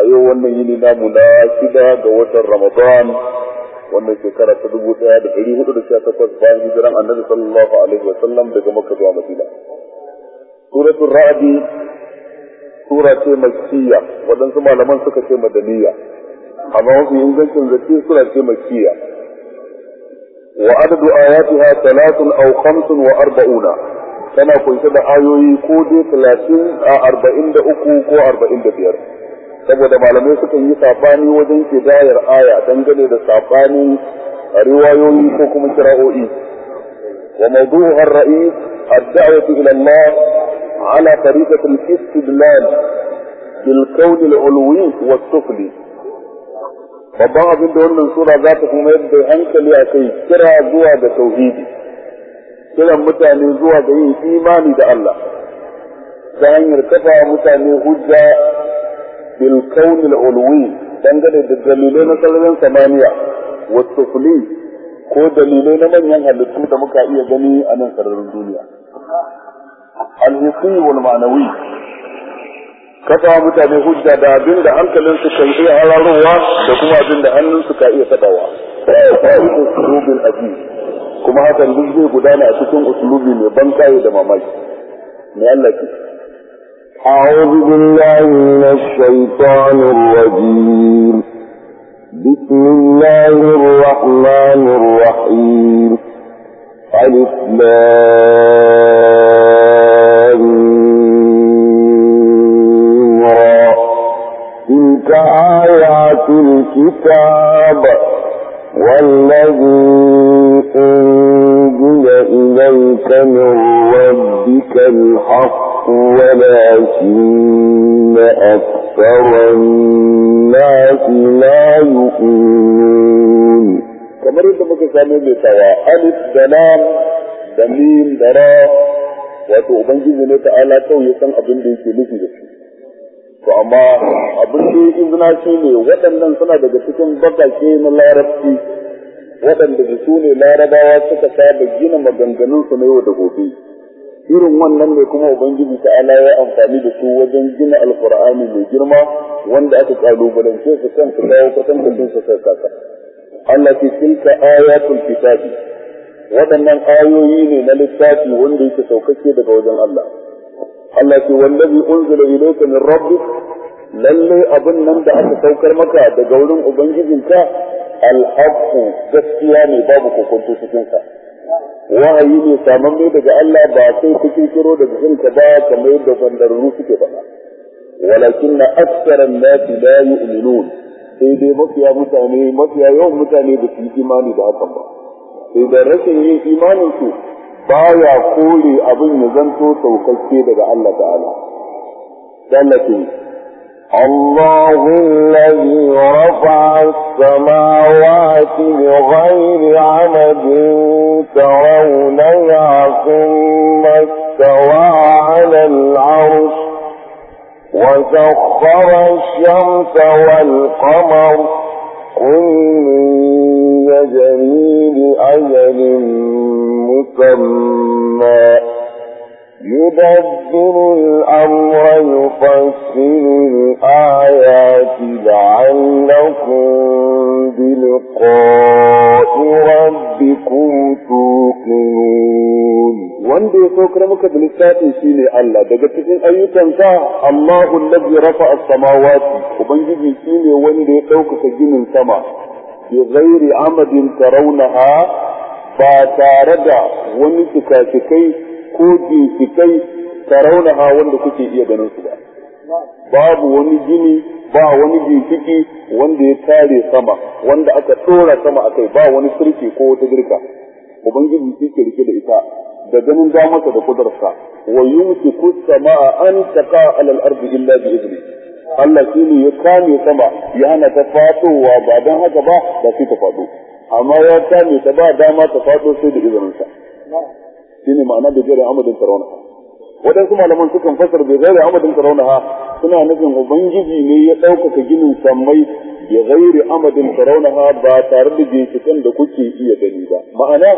a yau wannan yini namu na shida ga watan ramadan wannan shekara ta dubu daya da dari hudu da sha takwas bayan hijiran annabi sallallahu alaihi wa sallam daga makka zuwa madina suratul ra'di sura ce makkiya waɗansu malaman suka ce madaniya amma wasu ingancin zace sura ce makkiya wa adadu ayatiha talatun aw khamsun wa arba'una tana kunshe da ayoyi ko dai talatin a arba'in da uku ko arba'in da biyar saboda malamai suka yi safani wajen ke dayar aya dangane da sabanin riwayoyi ko kuma kira'o'i wa mawdu'uha ar rai ad-da'watu ila Allah ala tariqati al-istidlal bil qawl al-ulwi wa sufli babban abin da wannan sura za ta kuma yadda hankali a kai kira zuwa ga tauhidi kira mutane zuwa ga yin imani da Allah ta hanyar kafa mutane hujja bil kawn al ulwi dangane da dalilai na sararin samaniya wa sufli ko dalilai na manyan halittu da muka iya gani a nan sararin duniya al hissi wal ma'nawi kafa mutane hujja da abin da hankalin su iya hararowa da kuma abin da hannun su ka iya tabawa usulubin aji kuma hakan duk zai gudana a cikin usulubi mai ban da mamaki mai Allah أعوذ بالله من الشيطان الرجيم بسم الله الرحمن الرحيم ألف تلك آيات الكتاب والذي أنزل إليك من ربك الحق الحق ولكن أكثر الناس لا يؤمنون kamar yadda muka samu mai tawa alif da lam da wato ubangiji ne ta ala kawai ya san abin da yake nufi da shi to amma abin da yake zina shi ne waɗannan suna daga cikin bakake na larabci waɗanda da su ne larabawa suka saba gina maganganunsu na yau da gobe irin wannan ne kuma ubangiji ta ala ya amfani da su wajen gina alkur'ani mai girma wanda aka kalubalance su kan su dawo kwatan da su su kaka Allah ce tilka ayatul kitabi waɗannan ayoyi ne na littafi wanda yake saukake daga wajen Allah Allah ke wallazi unzila ilayka min rabbik lalle abin nan da aka saukar maka daga wurin ubangijinka al gaskiya ne babu kokonto cikin wahayi ne samamme daga Allah ba sai ku kirkiro daga jinka ba kamar yadda bandarru suke ba. walakin na aksaran nasi la yu'minun sai dai mafiya mutane mafiya yawan mutane ba su yi imani da hakan ba sai da rashin yin imanin su baya kore abin ya zanto saukakke daga Allah ta'ala. Allah الله الذي رفع السماوات بغير عمد ترونها ثم استوى على العرش وسخر الشمس والقمر كل يجري لأجل مسمى يدبر الأمر يفسر الآيات لعلكم بلقاء ربكم توقنون wanda ya saukar maka da littafi shine Allah daga cikin ayyukanka Allahu allazi rafa'a as-samawati ubangiji shine wanda ya ɗaukaka ginin sama bi ghairi amadin tarawnaha ba tare da wani kai. ko rauna ha wanda kuke iya ganin su ba babu wani gini ba wani ginshiki wanda ya tare sama wanda aka tsora sama akai ba wani sirki ko wata girka ubangiji shi ke rike da ita da ganin damarsa da kudarsa wa wuce ku an a an al illa bi idni Allah shi ne ya kame sama ya hana ta fatowa ba don haka ba da sai ta fado amma ya kame ta ba dama ta fado sai da izininsa shine ma'ana da jira amadin tarawna wadansu malaman sukan fasar da jira amadin ha suna nufin ubangiji ne ya ɗaukaka ginin sammai ya gairi amadin ha ba tare da ginshikan da kuke iya gani ba ma'ana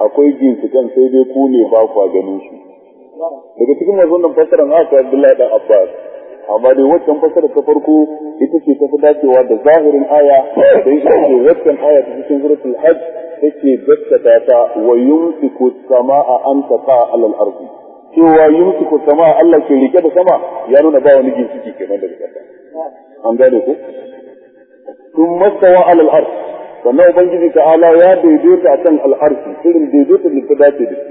akwai ginshikan sai dai ku ne ba kwa ganin su daga cikin masu wannan fasaran haka abdullahi da abbas amma dai waccan fasarar ta farko ita ce ta fi dacewa da zahirin aya da ita ce waccan aya ta cikin suratul hajj yake gaskata ta wa yumsiku samaa an taqa alal ardi cewa yumsiku samaa Allah ke rike da sama ya nuna ba wani ginsiki kenan daga kasa an gane ko tun mastawa alal ardi sannan ubangiji ya daidaita akan irin daidaita da ta dace da shi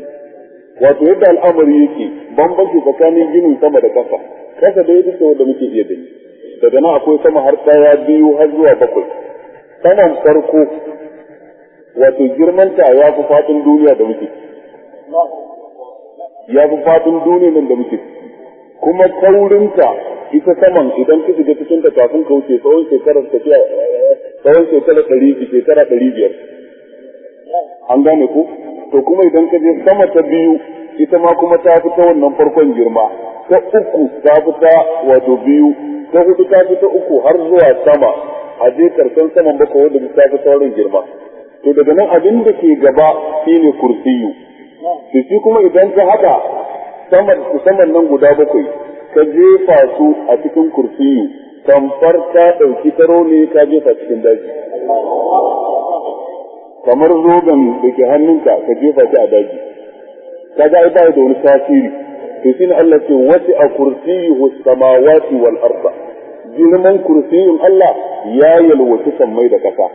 wato yadda al'amari yake bambanci tsakanin ginin sama da kasa kasa da yadda wanda muke iya gani daga nan akwai sama har daya biyu har zuwa bakwai saman farko wato girman ta ya fi fatin duniya da muke ya fi fatin duniya nan da muke kuma kaurinta ita saman idan kisa shiga cikin ta kafin ka wuce tsawon shekarar tafiya tsawon shekara ɗari shekara ɗari biyar an gane ku to kuma idan ka je sama ta biyu ita ma kuma ta fi ta wannan farkon girma ta uku ta fi ta wato biyu ta hudu ta fi ta uku har zuwa sama a je karshen saman bakwai wanda ta fi sauran girma to daga nan abin da ke gaba shine kursiyu to shi kuma idan ka haka saman saman nan guda bakwai ka jefa su a cikin kursiyu kamfar ta ɗauki taro ne ka jefa cikin daji kamar zoben da ke hannunka ka jefa shi a daji kaga ai bai da wani tasiri to shine Allah ce wasi a kursiyuhu samawati wal arda girman kursiyin Allah ya yalwaci sammai da kasa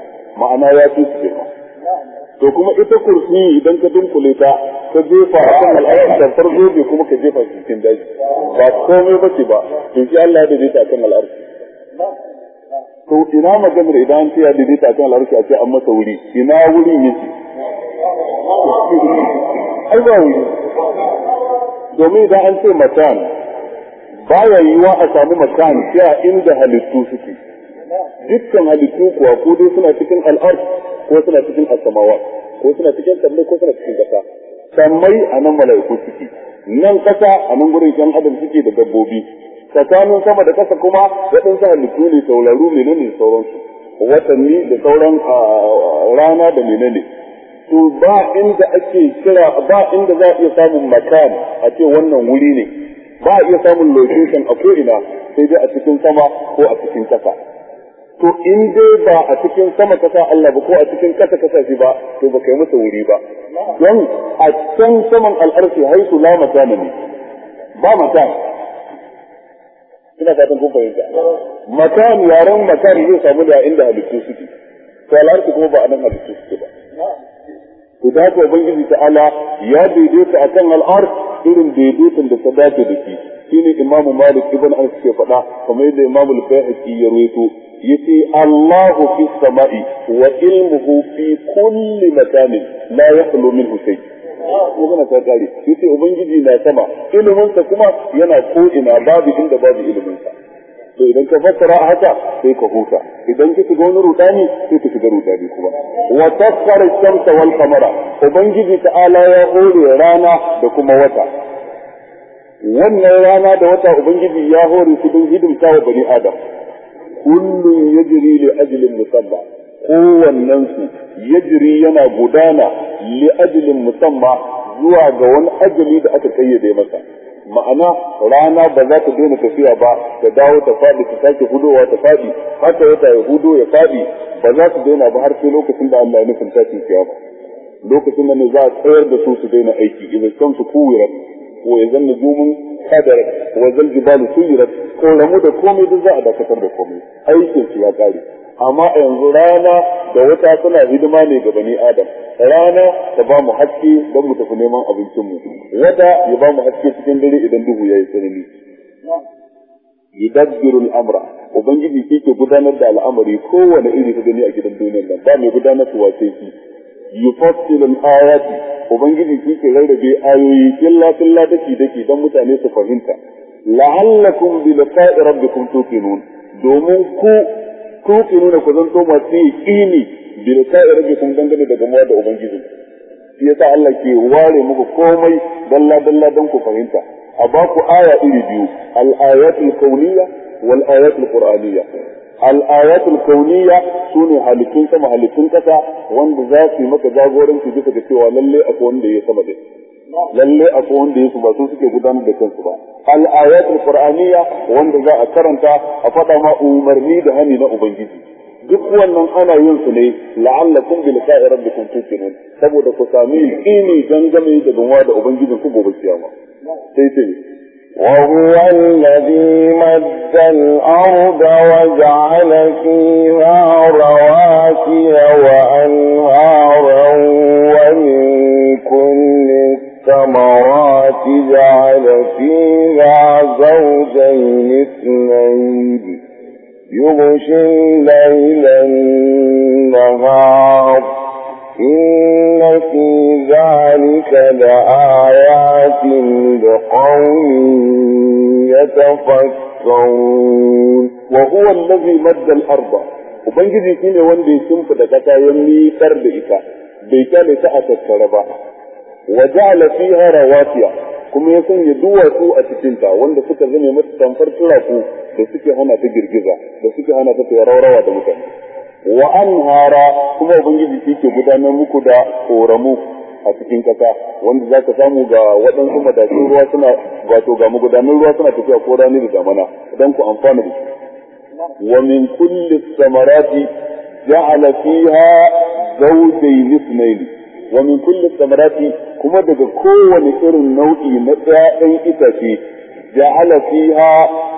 ma'ana ya fi su to kuma ita kursi idan ka dunkule ta ka jefa a kan al'arshin tamfar zobe kuma ka jefa cikin daji ba komai ba ce ba to shi Allah ya daidaita a kan al'arshi to ina maganar idan ta ya daidaita a kan al'arshi a ce an masa wuri ina wuri yake ai ba wuri domin idan an ce matan ba ya yi wa a samu matan sai a inda halittu suke dukkan halittu kuwa ko dai suna cikin al'arshi ko suna cikin asamawa ko suna cikin sammai ko suna cikin kasa sammai a nan mala'iku suke nan kasa a nan gurin yan adam suke da dabbobi tsakanin sama da kasa kuma waɗansu halittu ne tauraru menene sauransu watanni da sauran rana da menene to ba inda ake kira ba inda za a iya samun makan a ce wannan wuri ne ba a iya samun location a ko'ina sai dai a cikin sama ko a cikin kasa to in dai ba a cikin sama kasa Allah ba ko a cikin kasa kasa shi ba to ba kai masa wuri ba don a can saman al'arshi haisu la makana ne ba makana ina fatan kun fahimta makan yaren makan zai samu da inda halittu suke to al'arshi kuma ba a nan halittu suke ba to da haka ubangiji Ala ya daidaita a kan al'arsh irin daidaitan da ta dace da shi shine imamu malik ibn anas ke faɗa kamar yadda imamu al-bayhaqi ya rawaito yace Allahu fi samai wa ilmuhu fi kulli makanin la yakhlu minhu shay magana ta kare yace ubangiji na sama iliminsa kuma yana ko ina babu inda babu ilminsa. to idan ka fassara a haka sai ka huta idan ka shiga wani rudani sai ka shiga rudani kuma wa tasfara shamsa wal qamara ubangiji ta'ala ya hore rana da kuma wata wannan rana da wata ubangiji ya hore su don hidimta wa bani adam kullum jiri ne ajilin musamma kowannen su jiri yana gudana li ajilin musamma zuwa ga wani ajali da aka kayyade masa ma'ana rana ba za ta daina tafiya ba ta dawo ta faɗi ta sake hudowa ta faɗi haka wata ya hudo ya faɗi ba za su daina ba har sai lokacin da Allah ya nufin tashin kiyama lokacin da ne za a tsayar da su su daina aiki idan kansu kuwirat ko ya zanna jumun qadarat wa zal jibalu suyirat ko ramu da komai duk za a dakatar da komai aikin su ya kare amma a yanzu rana da wata suna hidima ne ga bani adam rana ta ba mu haske don mu tafi neman abincinmu wata ya ba mu haske cikin dare idan duhu ya yi tsanani yudabbirul amra ubangiji shi ke gudanar da al'amari kowane iri ta gani a gidan duniyar nan ba mai gudanar da wace shi yufassilu ayati ubangiji shi ke rarrabe ayoyi killa killa daki daki dan mutane su fahimta la'allakum bi liqa'i rabbikum tuqinun domin ku tuqinuna ku zanto masu yaqini bi liqa'i rabbikum dangane da gamuwa da ubangiji shi yasa Allah ke ware muku komai dalla dalla dan ku fahimta a ba ku aya iri biyu al-ayatul kauniyya wal ayatul qur'aniyya al'ayatul kauniya su ne halittun sama halittun kasa wanda za su yi maka jagoranci duka da cewa lalle akwai wanda ya sama da lalle akwai wanda yake ba suke gudanar da kansu ba al'ayatul qur'aniyya wanda za a karanta a faɗa ma umarni da hani na ubangiji duk wannan ana yin su ne la'allakum bi liqa'i rabbikum tuqinun saboda ku sami ilimi gangame da gunwa da ubangijin ku gobe kiyama sai sai وهو الذي مد الأرض وجعل فيها رواسي وأنهارا ومن كل الثمرات جعل فيها زوجين اثنين يغشي الليل النهار إن في ذلك لآيات Ubangiji shi ne wanda ya da kasa ya mitar da ita, bai ne ta a tattara ba, wa ja'ala fiha kuma ya sanya duwatsu a cikinta wanda suka zame mata tamfar turaku da suke hana ta girgiza da suke hana ta rawa da mutane. wa anhara kuma ubangiji shi ke gudanar muku da koramu a cikin kasa wanda za ka samu ga waɗansu madafin ruwa suna wato ga magudanan ruwa suna tafiya ko rani da damana don ku amfana da shi. wa min kulli samarati ja'ala fiha zawjayn ithnayn wa min kulli samarati kuma daga kowane irin nau'i na ɗayan itace ja'ala fiha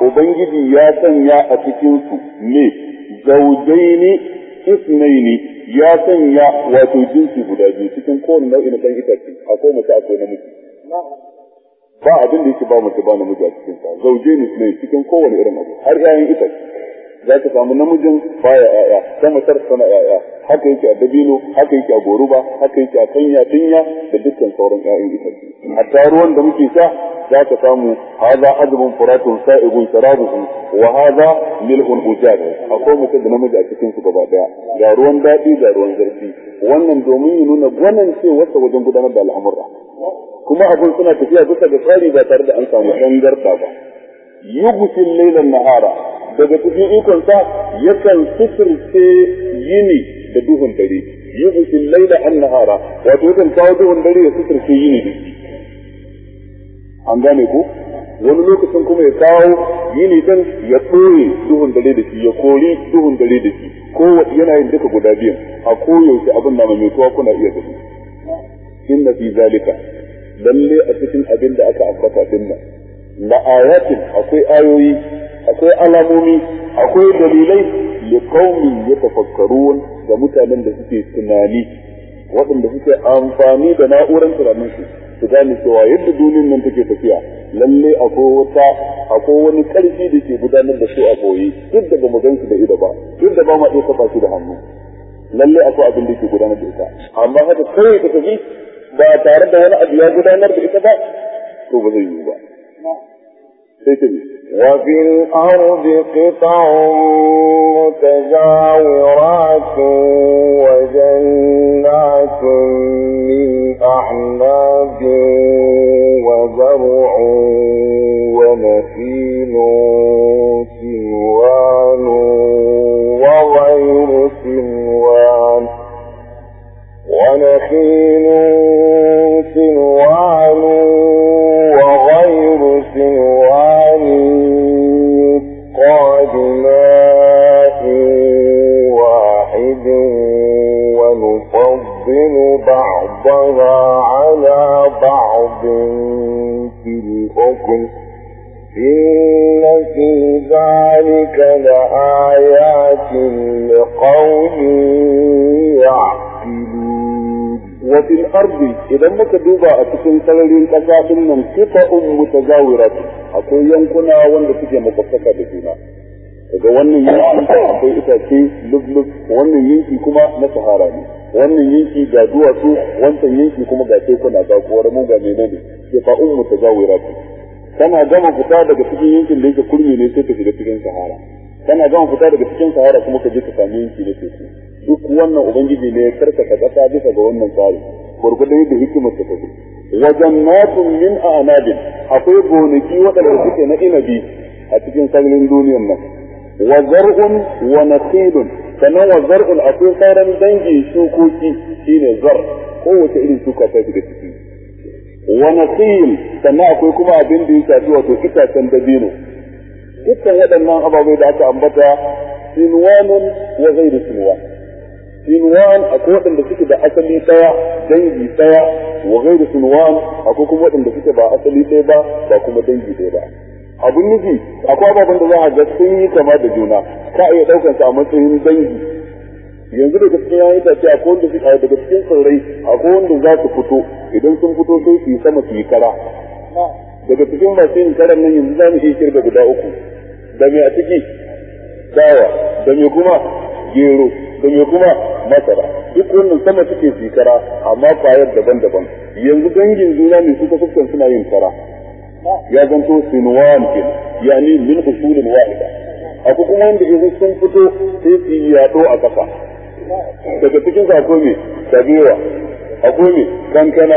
ubangiji ya sanya a cikin su ne zaujaini ismaini ya sanya wato jinsi guda biyu cikin kowane nau'i na ɗan itace akwai mace akwai namiji ba abin da yake ba mace ba namiji a cikin sa zaujaini ismaini cikin kowane irin abu har 'ya'yan itace za ka samu namijin baya ya'ya ta matar tana ya'ya haka yake a dabino haka yake a goruba haka yake a kanya dinya da dukkan sauran 'ya'yan itace hatta ruwan da muke sha za ka samu haza azumin furatun sa'igun sharabuhu wa haza milhun ujad akwai mutum da namiji a cikin su gaba daya ga ruwan daɗi ga ruwan zarfi wannan domin ya nuna gwanance wasa wajen gudanar da al'amura kuma abun suna tafiya bisa ga tsari ba tare da an samu ɗan garɗa ba yugusin lailan nahara daga cikin ikon sa yakan sifirce yini da duhun dare yugusin layla an nahara wato yakan kawo duhun dare ya sifirce yini da an gane ku wani lokacin kuma ya kawo yini dan ya tsoye duhun dare da shi ya kori duhun dare da shi ko yana yin duka guda biyan a koyaushe abin na mai tuwa kuna iya gani inna fi zalika lalle a cikin abin da aka ambata din la ayatin akwai ayoyi akwai alamomi akwai dalilai li qaumin yatafakkarun ga mutanen da suke tunani waɗanda suke amfani da na'urar tunanin su su gane cewa yadda duniyar nan take tafiya lalle akwai wata akwai wani karfi da ke gudanar da su a boye duk da bamu gan su da ido ba duk da ba mu iya kafa shi da hannu lalle akwai abin da ke gudanar da ita amma haka kawai ta tafi ba tare da wani abu ya gudanar da ita ba to ba zai yiwu ba وفي الأرض قطع متجاورات وجنات mujawiratu akwai yankuna wanda suke makwabtaka da juna daga wannan yanki akwai itace lubluk wannan yanki kuma na sahara ne wannan yanki ga duwatsu wancan yanki kuma ga tekuna ga koramu ga menene ke fa'un mutajawiratu kana gama fita daga cikin yankin da yake kurmi ne sai ka shiga cikin sahara kana gama fita daga cikin sahara kuma ka je ka sami yanki na teku duk wannan ubangiji ne ya karkata kasa bisa ga wannan tsari gwargwadon yadda hikimar ta fito Wajen jannatun min a'nabin akwai gonaki waɗanda suke na inabi a cikin sararin duniyar nan wa zar'un wa nakhilun sannan wa zar'un akwai sauran dangin shukoki shine zar kowace irin shuka ta shiga ciki wa nakhil sannan akwai kuma abin da ya shafi wato itacen dabino dukkan waɗannan ababai da aka ambata sinwanun wa sinwan akwai waɗanda suke da asali ɗaya dangi ɗaya wa gairu sinwan akwai kuma waɗanda suke ba asali ɗaya ba ba kuma dangi ɗaya ba Abun nufi akwai ababen da za a ga sun yi kama da juna ka iya ɗaukan su a matsayin dangi yanzu daga cikin yayi da ce akwai wanda suke daga cikin tsirrai akwai wanda za su fito idan sun fito sai su sama su yi kara daga cikin masu yin karan nan yanzu za mu iya kirga guda uku da me a ciki dawa da me kuma gero da me kuma masara duk wannan sama suke su kara amma kwayar daban-daban yanzu dangin juna ne suka fuskan suna yin kara ya zanto sinuwan ke ni min usulin wahida akwai kuma wanda yanzu sun fito sai su yi yaɗo a ƙasa daga cikin akwai me sabewa akwai me kankana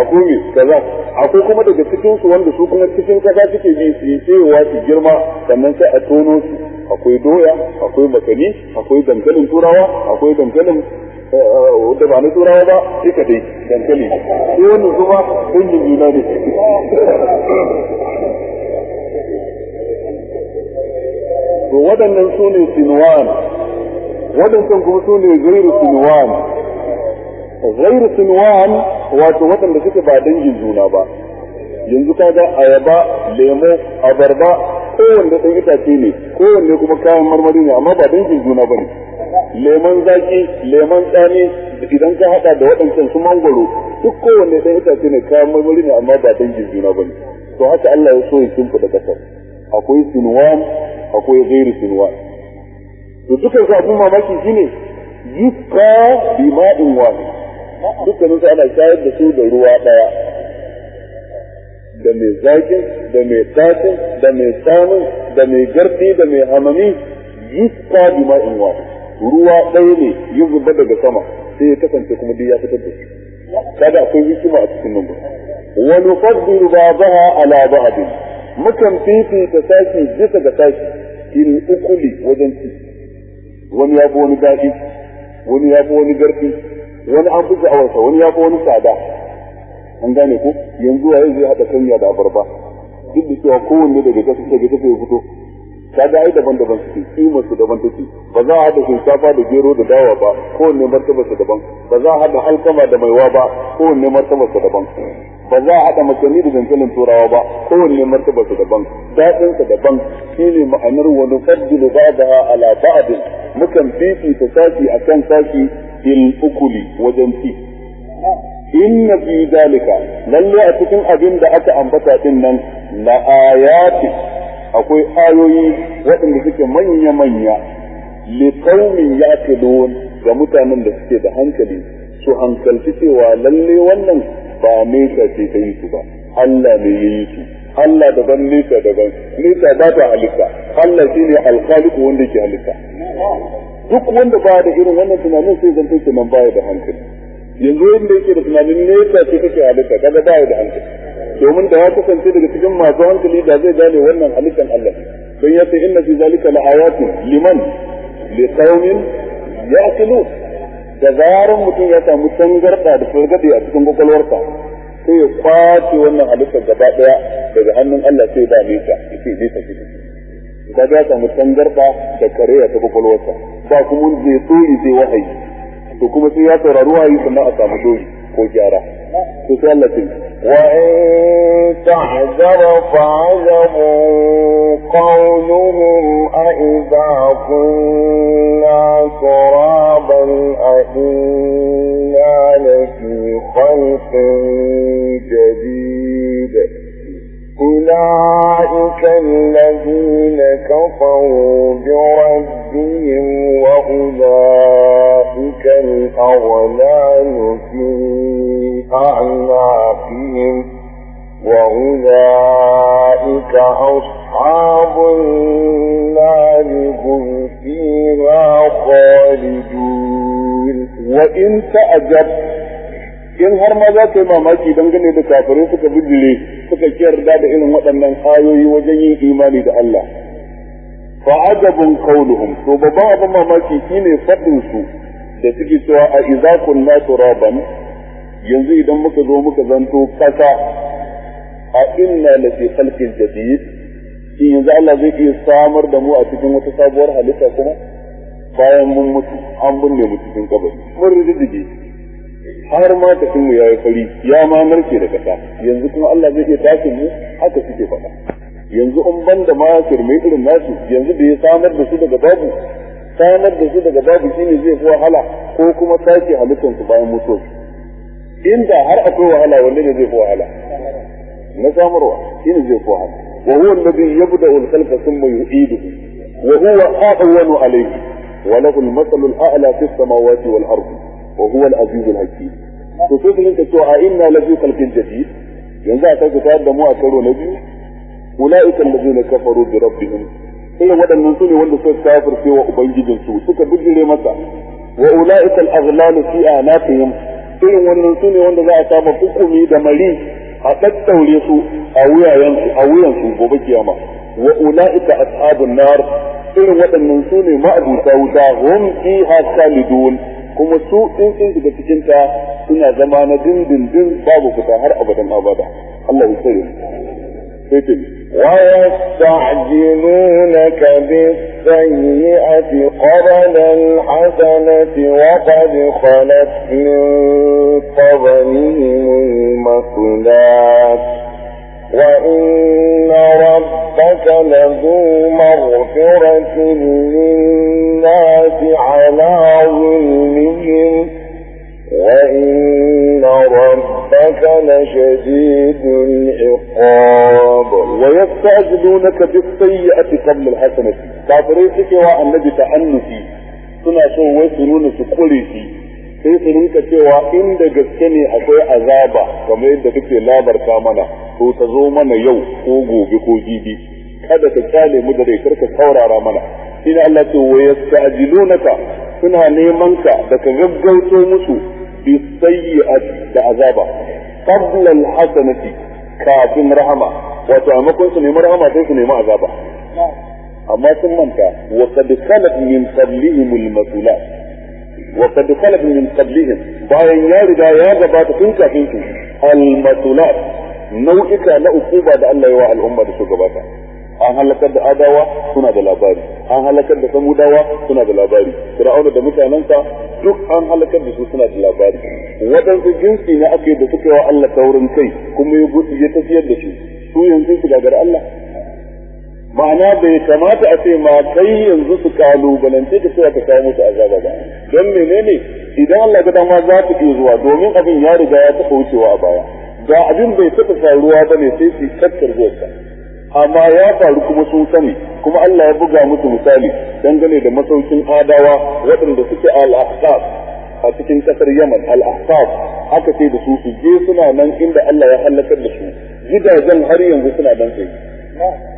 akwai mai kaza akwai kuma daga cikin su wanda su kuma cikin kasa suke bi su yi cewa su girma sannan sai a tono su akwai doya akwai makani akwai dankalin turawa akwai dankalin eh, eh, da ba na turawa ba duka dai dankali sai wannan kuma sun yi juna ne to waɗannan su ne sinuwan waɗancan kuma su ne gairu sinuwan ghairu sinwan wato waɗanda suke ba dangin juna ba yanzu kaga ayaba lemo abarba kowanne ɗan itace ne kowanne kuma kayan marmari ne amma ba dangin juna ba ne lemon zaki lemon tsami idan ka haɗa da waɗancan su mangoro duk kowanne ɗan itace ne kayan marmari ne amma ba dangin juna ba ne to haka Allah ya so ya da ƙasar akwai sinwan akwai ghairu sinwan to duka su abun mamaki shine yusqa bima'in wahid dukkanin su ana shayar da su da ruwa daya da mai zakin da mai tsakin da mai tsamin da mai garfi da mai hamami yusqa bima'in wa ruwa ɗaya ne ya zuba daga sama sai ya kasance kuma duk ya fitar da shi kada akwai hikima a cikin nan wa nufaddilu ba'daha ala ba'd mukan fifita sashi bisa ga sashi il ukuli wajen ci wani ya fi wani daɗi wani ya fi wani garfi wani an fi sha'awarsa wani ya fi wani tsada an gane ku yanzu waye zai haɗa kanya da abarba duk da cewa kowanne daga gasa daga gasa ya fito kaga ai daban-daban suke kimar su daban take ba za a haɗa shinkafa da gero da dawa ba kowanne martaba su daban ba za a haɗa alkama da maiwa ba kowanne martaba su daban ba za a haɗa makani da dankalin turawa ba kowanne martaba su daban daɗin sa daban shine ma'anar wani fadlu da ala ba'd mukan fifita saki akan saki bil ukuli wajen ci inna fi zalika lalle a cikin abin da aka ambata din nan la ayati akwai ayoyi waɗanda suke manya manya li qaumin yaqilun ga mutanen da suke da hankali su hankalci cewa lalle wannan ba me ka ce kai su ba Allah ne yayi su Allah daban nesa daban nesa ba ta halitta Allah shine alkhaliq wanda yake halitta duk wanda ba da irin wannan tunanin sai zanto kenan baya da hankali yanzu da yake da tunanin nesa ce kake halitta kaga baya da hankali domin da ya kasance daga cikin masu hankali da zai gane wannan halittan Allah don ya ce inna fi zalika la'ayatin liman liqaumin ya'qilun da zarar mutum ya samu tangarda da furgade a cikin kwakwalwarsa sai ya kwace wannan halittar gaba daya daga hannun Allah sai ba nesa yace nesa kike kaga ya samu tangarda da kare ta kwakwalwarsa ba kuma wanda zai soyi sai wahayi to kuma sai ya tsara ruwa yi sannan a samu doyi ko gyara to sai Allah sai wa ta'zara وإن qawluhum a idza kunna كنا a inna لفي خلق جديد أولئك الذين كفروا بربهم وأولئك الأغلال في أعناقهم وأولئك أصحاب النار هم فيها خالدون وإن تأجبت in har ma za ka yi mamaki gane da kafare suka bijire suka kiyarda da irin waɗannan ayoyi wajen yin imani da Allah fa ajabun qauluhum to babban abin mamaki shi ne su da suke cewa a Izakun na turaban yanzu idan muka zo muka zanto kasa a inna la fi khalqin jadid shi yanzu Allah zai iya samar da mu a cikin wata sabuwar halitta kuma bayan mun mutu an binne mu cikin kabari mun rijiji har ma ta sun ya yi fari ya ma narke da kasa yanzu kuma Allah zai iya tashi mu haka suke faɗa yanzu in ban da ma kirmai irin nasu yanzu da ya samar da su daga babu samar da su daga babu shine zai fi wahala ko kuma tashi halittar su bayan mutuwa inda har akwai wahala wanda ne zai fi wahala na samarwa shine zai fi wahala wa huwa alladhi yabda'u al-khalqa thumma yu'iduhu wa huwa ahwanu alayhi wa lahu al-mathalu al-a'la fi as-samawati wal-ardh wa huwa al-aziz al-hakim to sai kun ce a inna lafi khalqin jadid yanzu a kai tayar da mu a karo na biyu ulaika allazina kafaru bi rabbihim irin waɗannan su ne wanda suka kafirce wa ubangijinsu suka bijire masa wa ulaika al-aghlalu fi anaqihim irin wannan su ne wanda za a kama hukumi da mari a tattaure su a wuyayensu a wuyansu gobe kiyama wa kuma su in sun shiga cikin ta suna zama na dindindin babu fita har abadan abada Allah ya sani sai ta yi wa yastajilunaka bis-sayyi'ati qabla al-hasanati wa qad khalat min qablihim al-masnad وإن ربك لذو مغفرة للناس على ظلمهم وإن ربك لشديد العقاب ويستعجلونك بالسيئة قبل الحسنة كافرين وأنك تأنسي سنة سوى سنون سكوليسي sai su rinka cewa inda gaske ne akwai azaba kamar yadda kake labarta mana to ta zo mana yau ko gobe ko jibi kada ka kyale mu da rai ka saurara mana ina Allah ce wa yasta'jilunaka suna neman ka da ka gaggauto musu bi sayyi'ati da azaba qabla al-hasanati kafin rahama wato amma makon su nemi rahama sai su nemi azaba amma sun manta wa qad khalat min qablihim al-masulat wa qad khalaq min qablihim bayan ya riga ya gabata tun kafin su al-masulat nau'ika na ukuba da Allah ya wa al'umma da gabata an halakar adawa suna da labari an halakar da samudawa suna da labari fir'auna da mutanensa duk an halakar suna da labari waɗansu jinsi na ake da suka wa Allah taurin kai kuma ya gudu ya tafiyar da su su yanzu su gagara Allah ma'ana bai kamata a ce ma kai yanzu su balance ka sai ka kawo musu azaba ba don menene idan Allah ga dama za ta iya zuwa domin abin ya riga ya taɓa wucewa a baya da abin bai taɓa faruwa ba ne sai su tattar zuwa amma ya faru kuma sun sani kuma Allah ya buga musu misali dangane da masaukin adawa waɗanda suke al a cikin ƙasar Yaman al-ahqaf aka ce da su su je suna nan inda Allah ya halakar da su gidajen har yanzu suna nan sai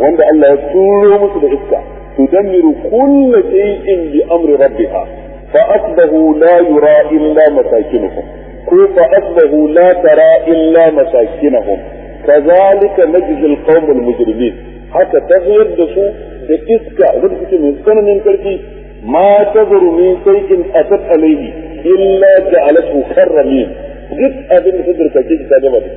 wanda Allah ya turo musu da iska tudammiru kullu shay'in bi amri rabbiha fa asbahu la yura illa masakinuhum ko fa asbahu la tara illa masakinuhum kazalika najzi alqawm almujrimin haka tafiyar da su da iska wanda take mai tsananin karfi ma tazuru min shay'in atat alayhi illa ja'alathu kharramin duk abin da ta dirkace shi ta gama da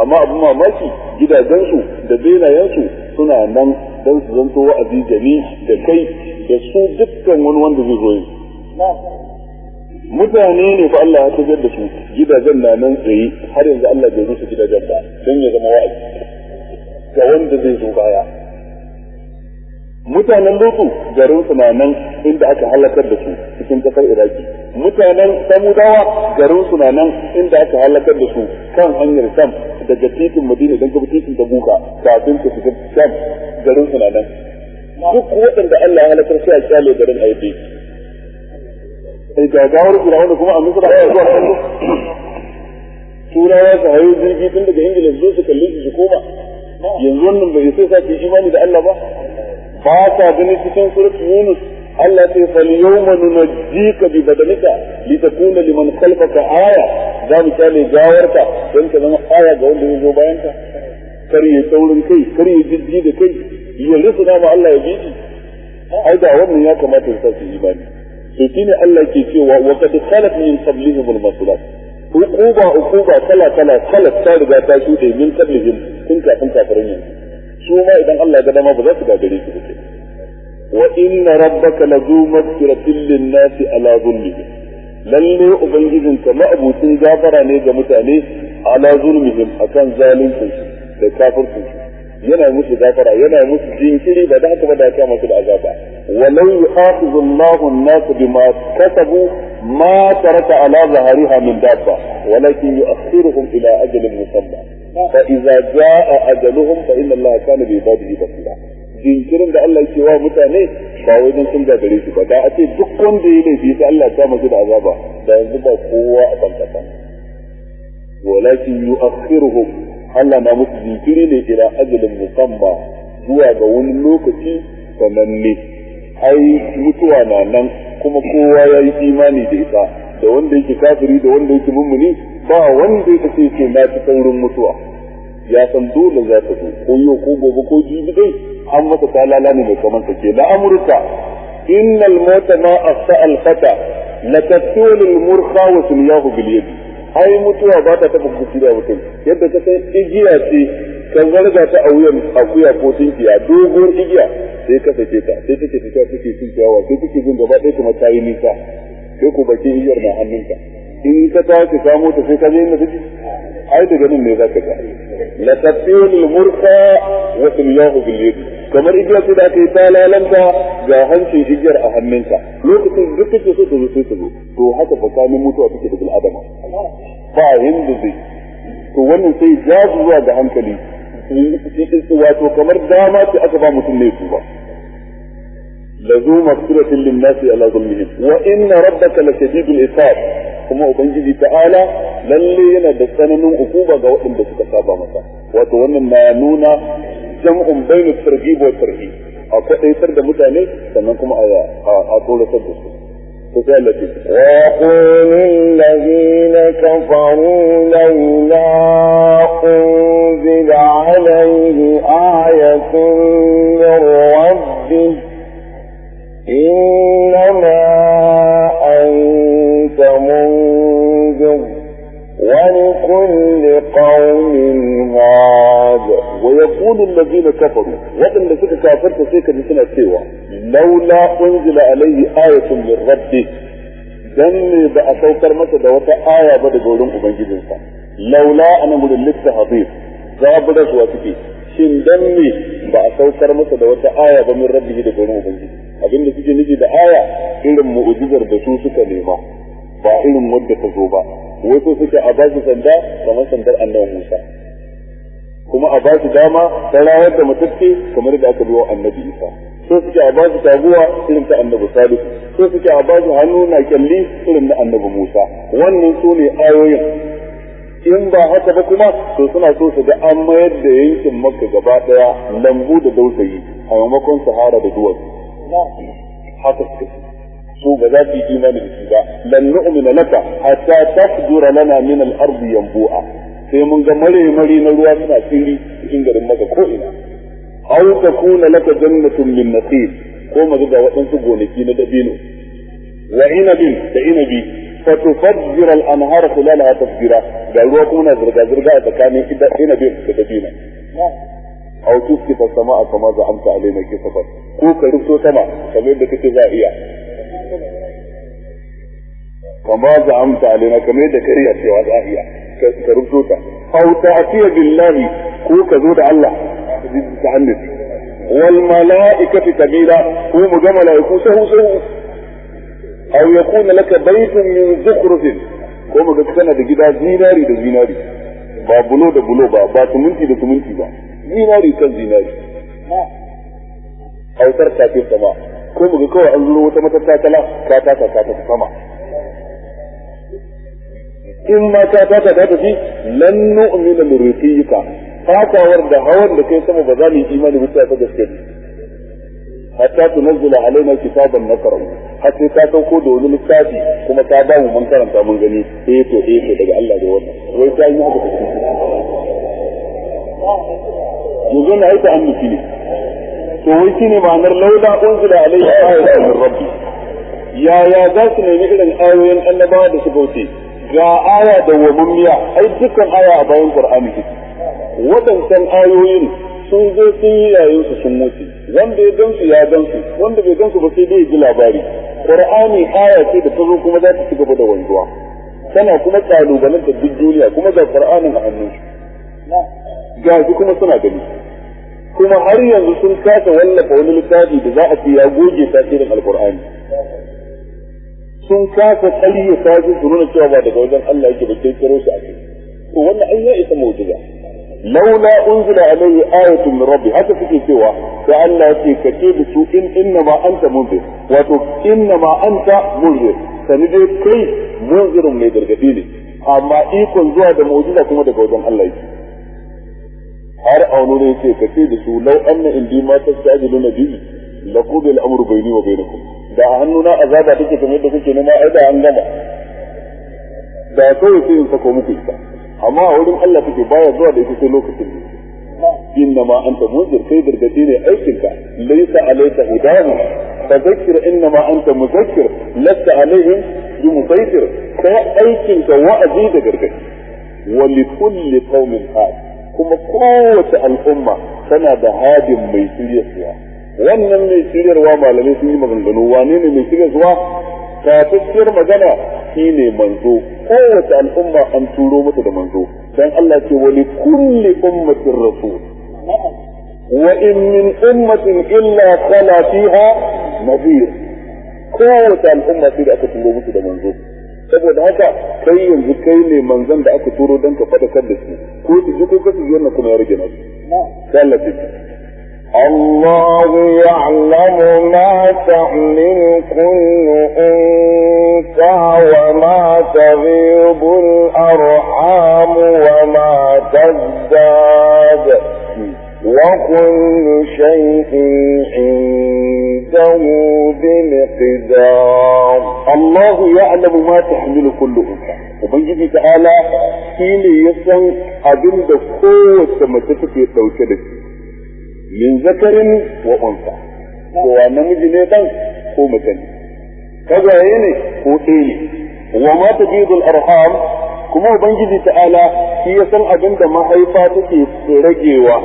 amma abin mamaki gidajensu da benayensu suna nan don su zanto wa'azi ni da kai da su dukkan wani wanda zai zo mutane ne fa Allah ya tabbatar da su gidajen na nan tsaye har yanzu Allah bai rusa gidajen ba don ya zama wa'azi ga wanda zai zo baya mutanen lokacin garin su na nan inda aka halakar da su cikin kasar iraki mutanen samudawa garin su na nan inda aka halakar da su kan hanyar sam daga titin madina don gaba titin tabuka kafin su shiga sam garin su na nan duk waɗanda Allah ya halakar sai a kyale garin aibe gagawar firawuna kuma a misra ya zuwa kan turawa su hayo jirgi tun daga ingila zo su kalli su koma yanzu wannan bai sai sake imani da Allah ba ba sa ganin cikin surat yunus Allah sai fal yawma nunajjika bi badanika litakuna liman khalfaka aya za mu kyale gawarka don ka zama aya ga wanda ya zo bayan ka kar ya saurin kai kar ya jijji da kai ya rusuna ma Allah ya biji ai da wannan ya kamata ya sace imani to shine Allah ke cewa wa qad khalat min qablihim al-masulat uquba uquba kala kala kala ta riga ta shude min qablihim kun kafin farin yanzu su ma idan Allah ya ga dama ba za su gagare su ba wa inna rabbaka lazu maghfiratin lin-nasi ala dhulmihim ka ubangijinka ma'abucin gafara ne ga mutane ala zulmihim akan zalunci da kafirci yana musu gafara yana musu jinkiri ba da haka ba da kama su da azaba walau yu'akhidhu Allahu an-nasa bima kasabu ma taraka ala zahariha min dabba walakin yu'akhiruhum ila ajalin musamma fa idza jaa ajaluhum fa inna Allaha kana bi ibadihi basira jinkirin da Allah yake wa mutane ba wajen sun gagare su ba da a ce duk wanda ya laifi sai Allah ya masa da azaba da yanzu ba kowa a kan kasa walakin yu'akhiruhum Allah na musu jinkiri ne ila ajalin musamma zuwa ga wani lokaci sananne ai mutuwa na nan kuma kowa ya yi imani da ita da wanda yake kafiri da wanda yake mummuni ba wanda ya ce na ci saurin mutuwa ya san dole za ta zo ko yau ko gobe ko jibi dai an masa talala ne mai kaman sake amurka innal mota ma afsa al la tatulul murkha wa sulyahu bil yadi ai mutuwa ba ta taba kuskure mutum yadda ka san igiya ce kan zarga ta a wuyan akuya ko tunkiya dogon igiya sai ka sake ta sai take fita take sai take jin gaba ɗaya kuma ta yi nisa sai ku igiyar na hannunka in ka tashi samu ta sai ka je inda take ai daga nan ne za ka ga la tafiyu wa bil yadi kamar igiya ce da aka yi lalanta ga hancin igiyar a hannunka lokacin duk kake so ta zo sai ta zo to haka tsakanin mutuwa take da bil'adama ba yanda zai to wannan sai ya zuwa ga hankali wato kamar dama ce aka ba mutum ne ba lazu mafsiratin linnasi ala zulmihim wa inna rabbaka lashadidul iqab kuma ubangiji ta'ala lalle yana da tsananin ukuba ga waɗanda suka saba masa wato wannan na nuna jam'un bayna targhib wa tarhib a kwadaitar da mutane sannan kuma a tsoratar da su وقل للذين كفروا لو na kafaru waɗanda suka kafarta sai ka ji suna cewa laula unzila alaihi ayatun min rabbi dan ne ba a saukar masa da wata aya ba daga wurin ubangijinsa laula anan gurin littahabib zabura suwa shin dan ne ba a saukar masa da wata aya ba min rabbihi daga wurin ubangiji abinda suke nufi da aya irin mu'jizar da su suka nema ba irin wadda ta zo ba wasu suke a ba sanda kamar sandar annabi Musa kuma a ba su dama ta rayar da matacce kamar da aka biyo annabi isa so suke a ba su taguwa irin ta annabi salihu so suke a ba su hannu na kyalli irin na annabi musa wannan su ne ayoyin in ba haka ba kuma to suna so su ga an mayar da yankin makka gaba daya lambu da dausayi a maimakon sahara da duwatsu haka suke su ba za su yi imani da shi ba lan nu'mina laka hatta tafjura lana min al-ardi yanbu'a sai mun ga mare-mare na ruwa suna tsiri cikin garin maka ko ina aw kuna laka jannatun min nakhil ko mazu ga waɗansu gonaki na dabino wa inabin da inabi fa tufajjira al-anhar khilalaha tafjira ga ruwa kuma na zurga zurga a tsakanin inabin da dabino Hau aw tusqifa as-sama'a kama amsa alaina ke kisafan ko ka rufto sama kamar yadda kake za a iya kama amsa alaina kamar yadda kariya cewa za a iya ka rubuto ta aw ta'tiya billahi ko ka zo da Allah ta annabi wal malaikati tabira ko mu ga malaiku sahu sahu aw yakuna laka baytun min zukhrufin ko mu ga kana da gida zinari da zinari ba bulo da bulo ba ba suminti da suminti ba zinari kan zinari autar ta ce sama ko mu ga kawai an zuro wata matattala ta ta ta ta sama in ma ka taka ta tafi lan nu'mina lirqika fatawar da hawan da kai sama ba za mu yi imani ba ta gaske hatta tunazzila alaina kitaban nakara har ta ka sauko da wani littafi kuma ta ba mu mun karanta mun gani eh to eh to daga Allah da wannan wai ta yi haka yanzu na aika an mutu ne to wai shine ma'anar laula unzila alaihi ayatun min rabbi yaya za su nemi irin ayoyin annabawa da su bauce ga aya da wamammiya ai dukkan aya a bayan qur'ani take waɗancan ayoyin sun zo sun yi yayin su sun mutu. wanda ya gansu ya gansu wanda bai gansu ba sai dai ji labari qur'ani aya ce da ta zo kuma za ta ci gaba da wanzuwa tana kuma kalubalen da duk duniya kuma ga qur'anin a hannun su ga su kuma suna gani kuma har yanzu sun kasa wallafa wani littafi da za a ce ya goge tasirin alqur'ani sun kasa kari ya kaji su nuna cewa ba daga wajen Allah yake ba kirkiro shi a kai to wannan an ya isa mu'jiza laula unzila alayhi ayatun min rabbi haka suke cewa da Allah yake kace da su in inna ma anta munzir wato inna ma anta munzir sani dai kai munzirin mai gargadi ne amma ikon zuwa da mu'jiza kuma daga wajen Allah yake har aunu ne yake kace da su lau anna indi ma tastajiluna bihi la qudi al-amru bayni wa bainakum da a hannuna azaba take kamar da kuke nema ai da an gama da kawai sai in sako muku ita amma a wurin Allah take baya zuwa da ita sai lokacin ne إنما أنت منذر كي برقتيني أيكك ليس عليك هداهم فذكر إنما أنت مذكر لست عليهم بمسيطر فأيكك وأزيد برقتي ولكل قوم هاد كما قوة الأمة سنة هاد ميسية فيها wannan mai shiryarwa malamai sun yi maganganu wane ne mai shiryarwa tafiyar magana shine manzo kowace al'umma an turo mata da manzo Don Allah ce wani kulli ummatin rasu. wa in min ummatin illa khala fiha nadir kowace al'umma sai da aka turo musu da manzo saboda haka kai yanzu kai ne manzon da aka turo don ka fadakar da su ko su ji ko kasu yana kuma ya rage الله يعلم ما تحمل كل أنثى وما تغيض الأرحام وما تزداد وكل شيء عنده بمقدار الله يعلم ما تحمل كل أنثى وبنجد تعالى شيء يسن أبن دكوة ما تفكي توكدك zakarin wa unsa cewa namiji ne dan ko mace ne tagwaye ne ko ɗaya ne wa ma tajidul arham kuma ubangiji ta'ala shi ya san abin da mahaifa take ragewa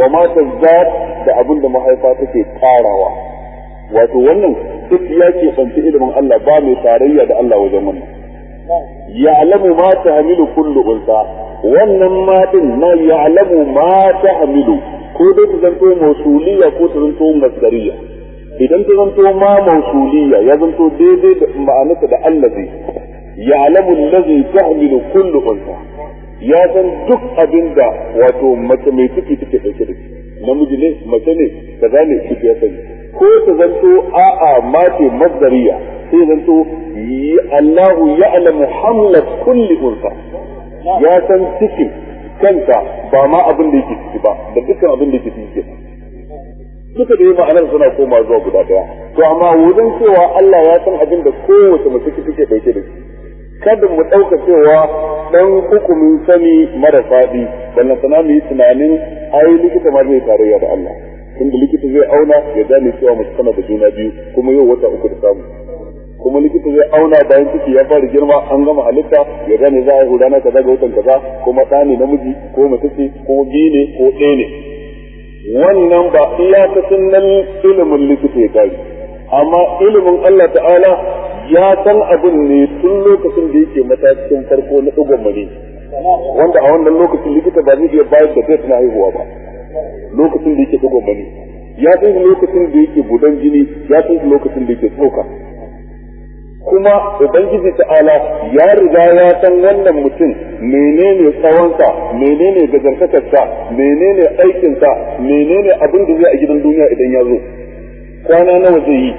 wa ma tazzat da abin da mahaifa take tarawa wato wannan duk ya ke fanci ilimin Allah ba mai tarayya da Allah wajen wannan ya'lamu ma tahmilu kullu unsa wannan ma din ma ya'lamu ma tahmilu ko dai ta zanto mausuliya ko ta zanto masdariya idan ta zanto ma mausuliya ya zanto daidai da ma'anarta da allazi ya'lamu allazi tahmilu kullu unsa ya san duk abin da wato mace mai ciki take dauke da shi namiji ne mace ne kaza ne shi ya sani ko ta zanto a'a mace masdariya sai zanto Allahu ya'lamu hamlat kulli unsa ya san cikin kanta ba ma abin da yake ciki ba da dukkan abin da yake ciki ke duka da yi ma'anar suna koma zuwa guda daya to amma wajen cewa Allah ya san abin da kowace mace ke dauke da shi kada mu ɗauka cewa ɗan hukumin sani mara faɗi wannan sana mu yi tunanin ai likita ma zai tarayya da Allah tunda likita zai auna ya gane cewa mu tana da juna biyu kuma yau wata uku da samu kuma likita zai auna bayan ciki ya fara girma an gama halitta ya gane za a yi gudana kaza ga watan kaza kuma ɗa ne namiji ko mace ce ko biyu ne ko ɗaya ne wannan ba iyakacin nan ilimin likita ya kare amma ilimin Allah ta'ala ya san abin ne tun lokacin da yake matakin farko na ɗigon mani wanda a wannan lokacin likita ba zai iya bayar da date na haihuwa ba lokacin da yake ɗigon mani ya san lokacin da yake gudan jini ya san lokacin da yake tsoka kuma ubangiji ta'ala ya riga ya san wannan mutum menene tsawonsa menene gajartakarsa menene aikinsa menene abin da zai a gidan duniya idan ya zo kwana nawa zai yi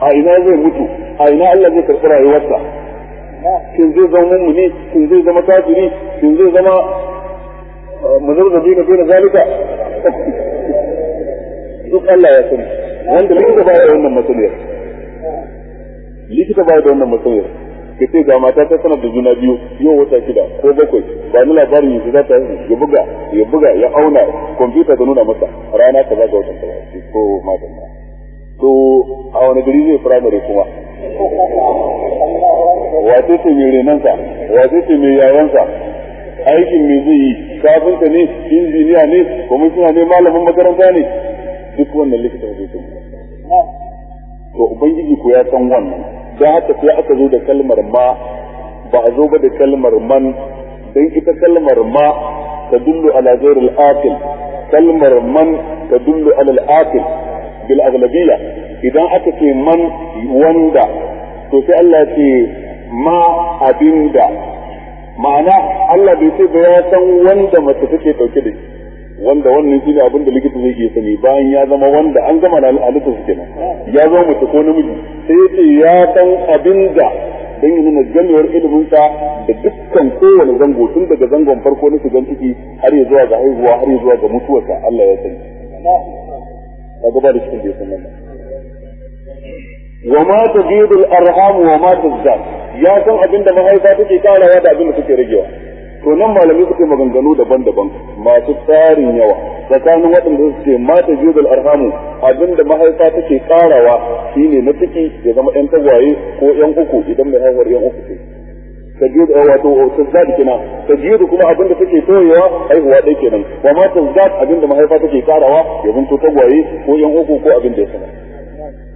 a ina zai mutu a ina Allah zai karɓi rayuwarsa kin zai zama mummuni kin zai zama kafiri kin zai zama uh, muzurzabi na bai zalika duk Allah ya sani wanda gaba da wannan masuliyar likita ba da wannan matsayin ka ce ga mata ta sanar da juna biyu yau wata shida ko bakwai ba ni labarin yanzu za ta yi ya buga ya buga ya auna kwamfuta da nuna masa rana ta ba ga wata ta ko matan to a wani gari zai firamare kuma wace ce mai renansa wace ce mai yayansa aikin mai zai yi kafinta ne injiniya ne kwamishina ne malamin makaranta ne duk wannan likita zai kuma to ubangiji ko ya san wannan don haka sai aka zo da kalmar ma ba a zo ba da kalmar man don ita kalmar ma ta dullu ala zairul aqil kalmar man ta dullu ala al-aqil bil aghlabiyya idan aka ce man wanda to sai Allah ce ma abinda ma'ana Allah bai ce ba ya san wanda mace take dauke da shi wanda wannan shine abin da likita zai iya sani bayan ya zama wanda an gama halittar su kenan ya zama mutu ko namiji sai ya ce ya san abin da don yi nuna ganewar ilimin sa da dukkan kowane zango tun daga zangon farko na shigan ciki har ya zuwa ga haihuwa har ya zuwa ga mutuwarsa Allah ya sani ka gaba da cikin jesan nan wa ma ta al-arham wa ma tazdad ya san abin da mahaifa take karawa da abin da take ragewa to nan malamai suke maganganu daban-daban masu tsarin yawa tsakanin waɗanda su ce mata jizal arhamu abinda mahaifa take karawa ne na ciki ya zama yan tagwaye ko yan uku idan mai haihuwar yan uku ce da eh, wato zaɗi kina da kuma abinda take toyewa haihuwa dai kenan wa ma zaɗi abinda mahaifa take karawa ya zanto tagwaye ko yan uku ko abinda ya sanar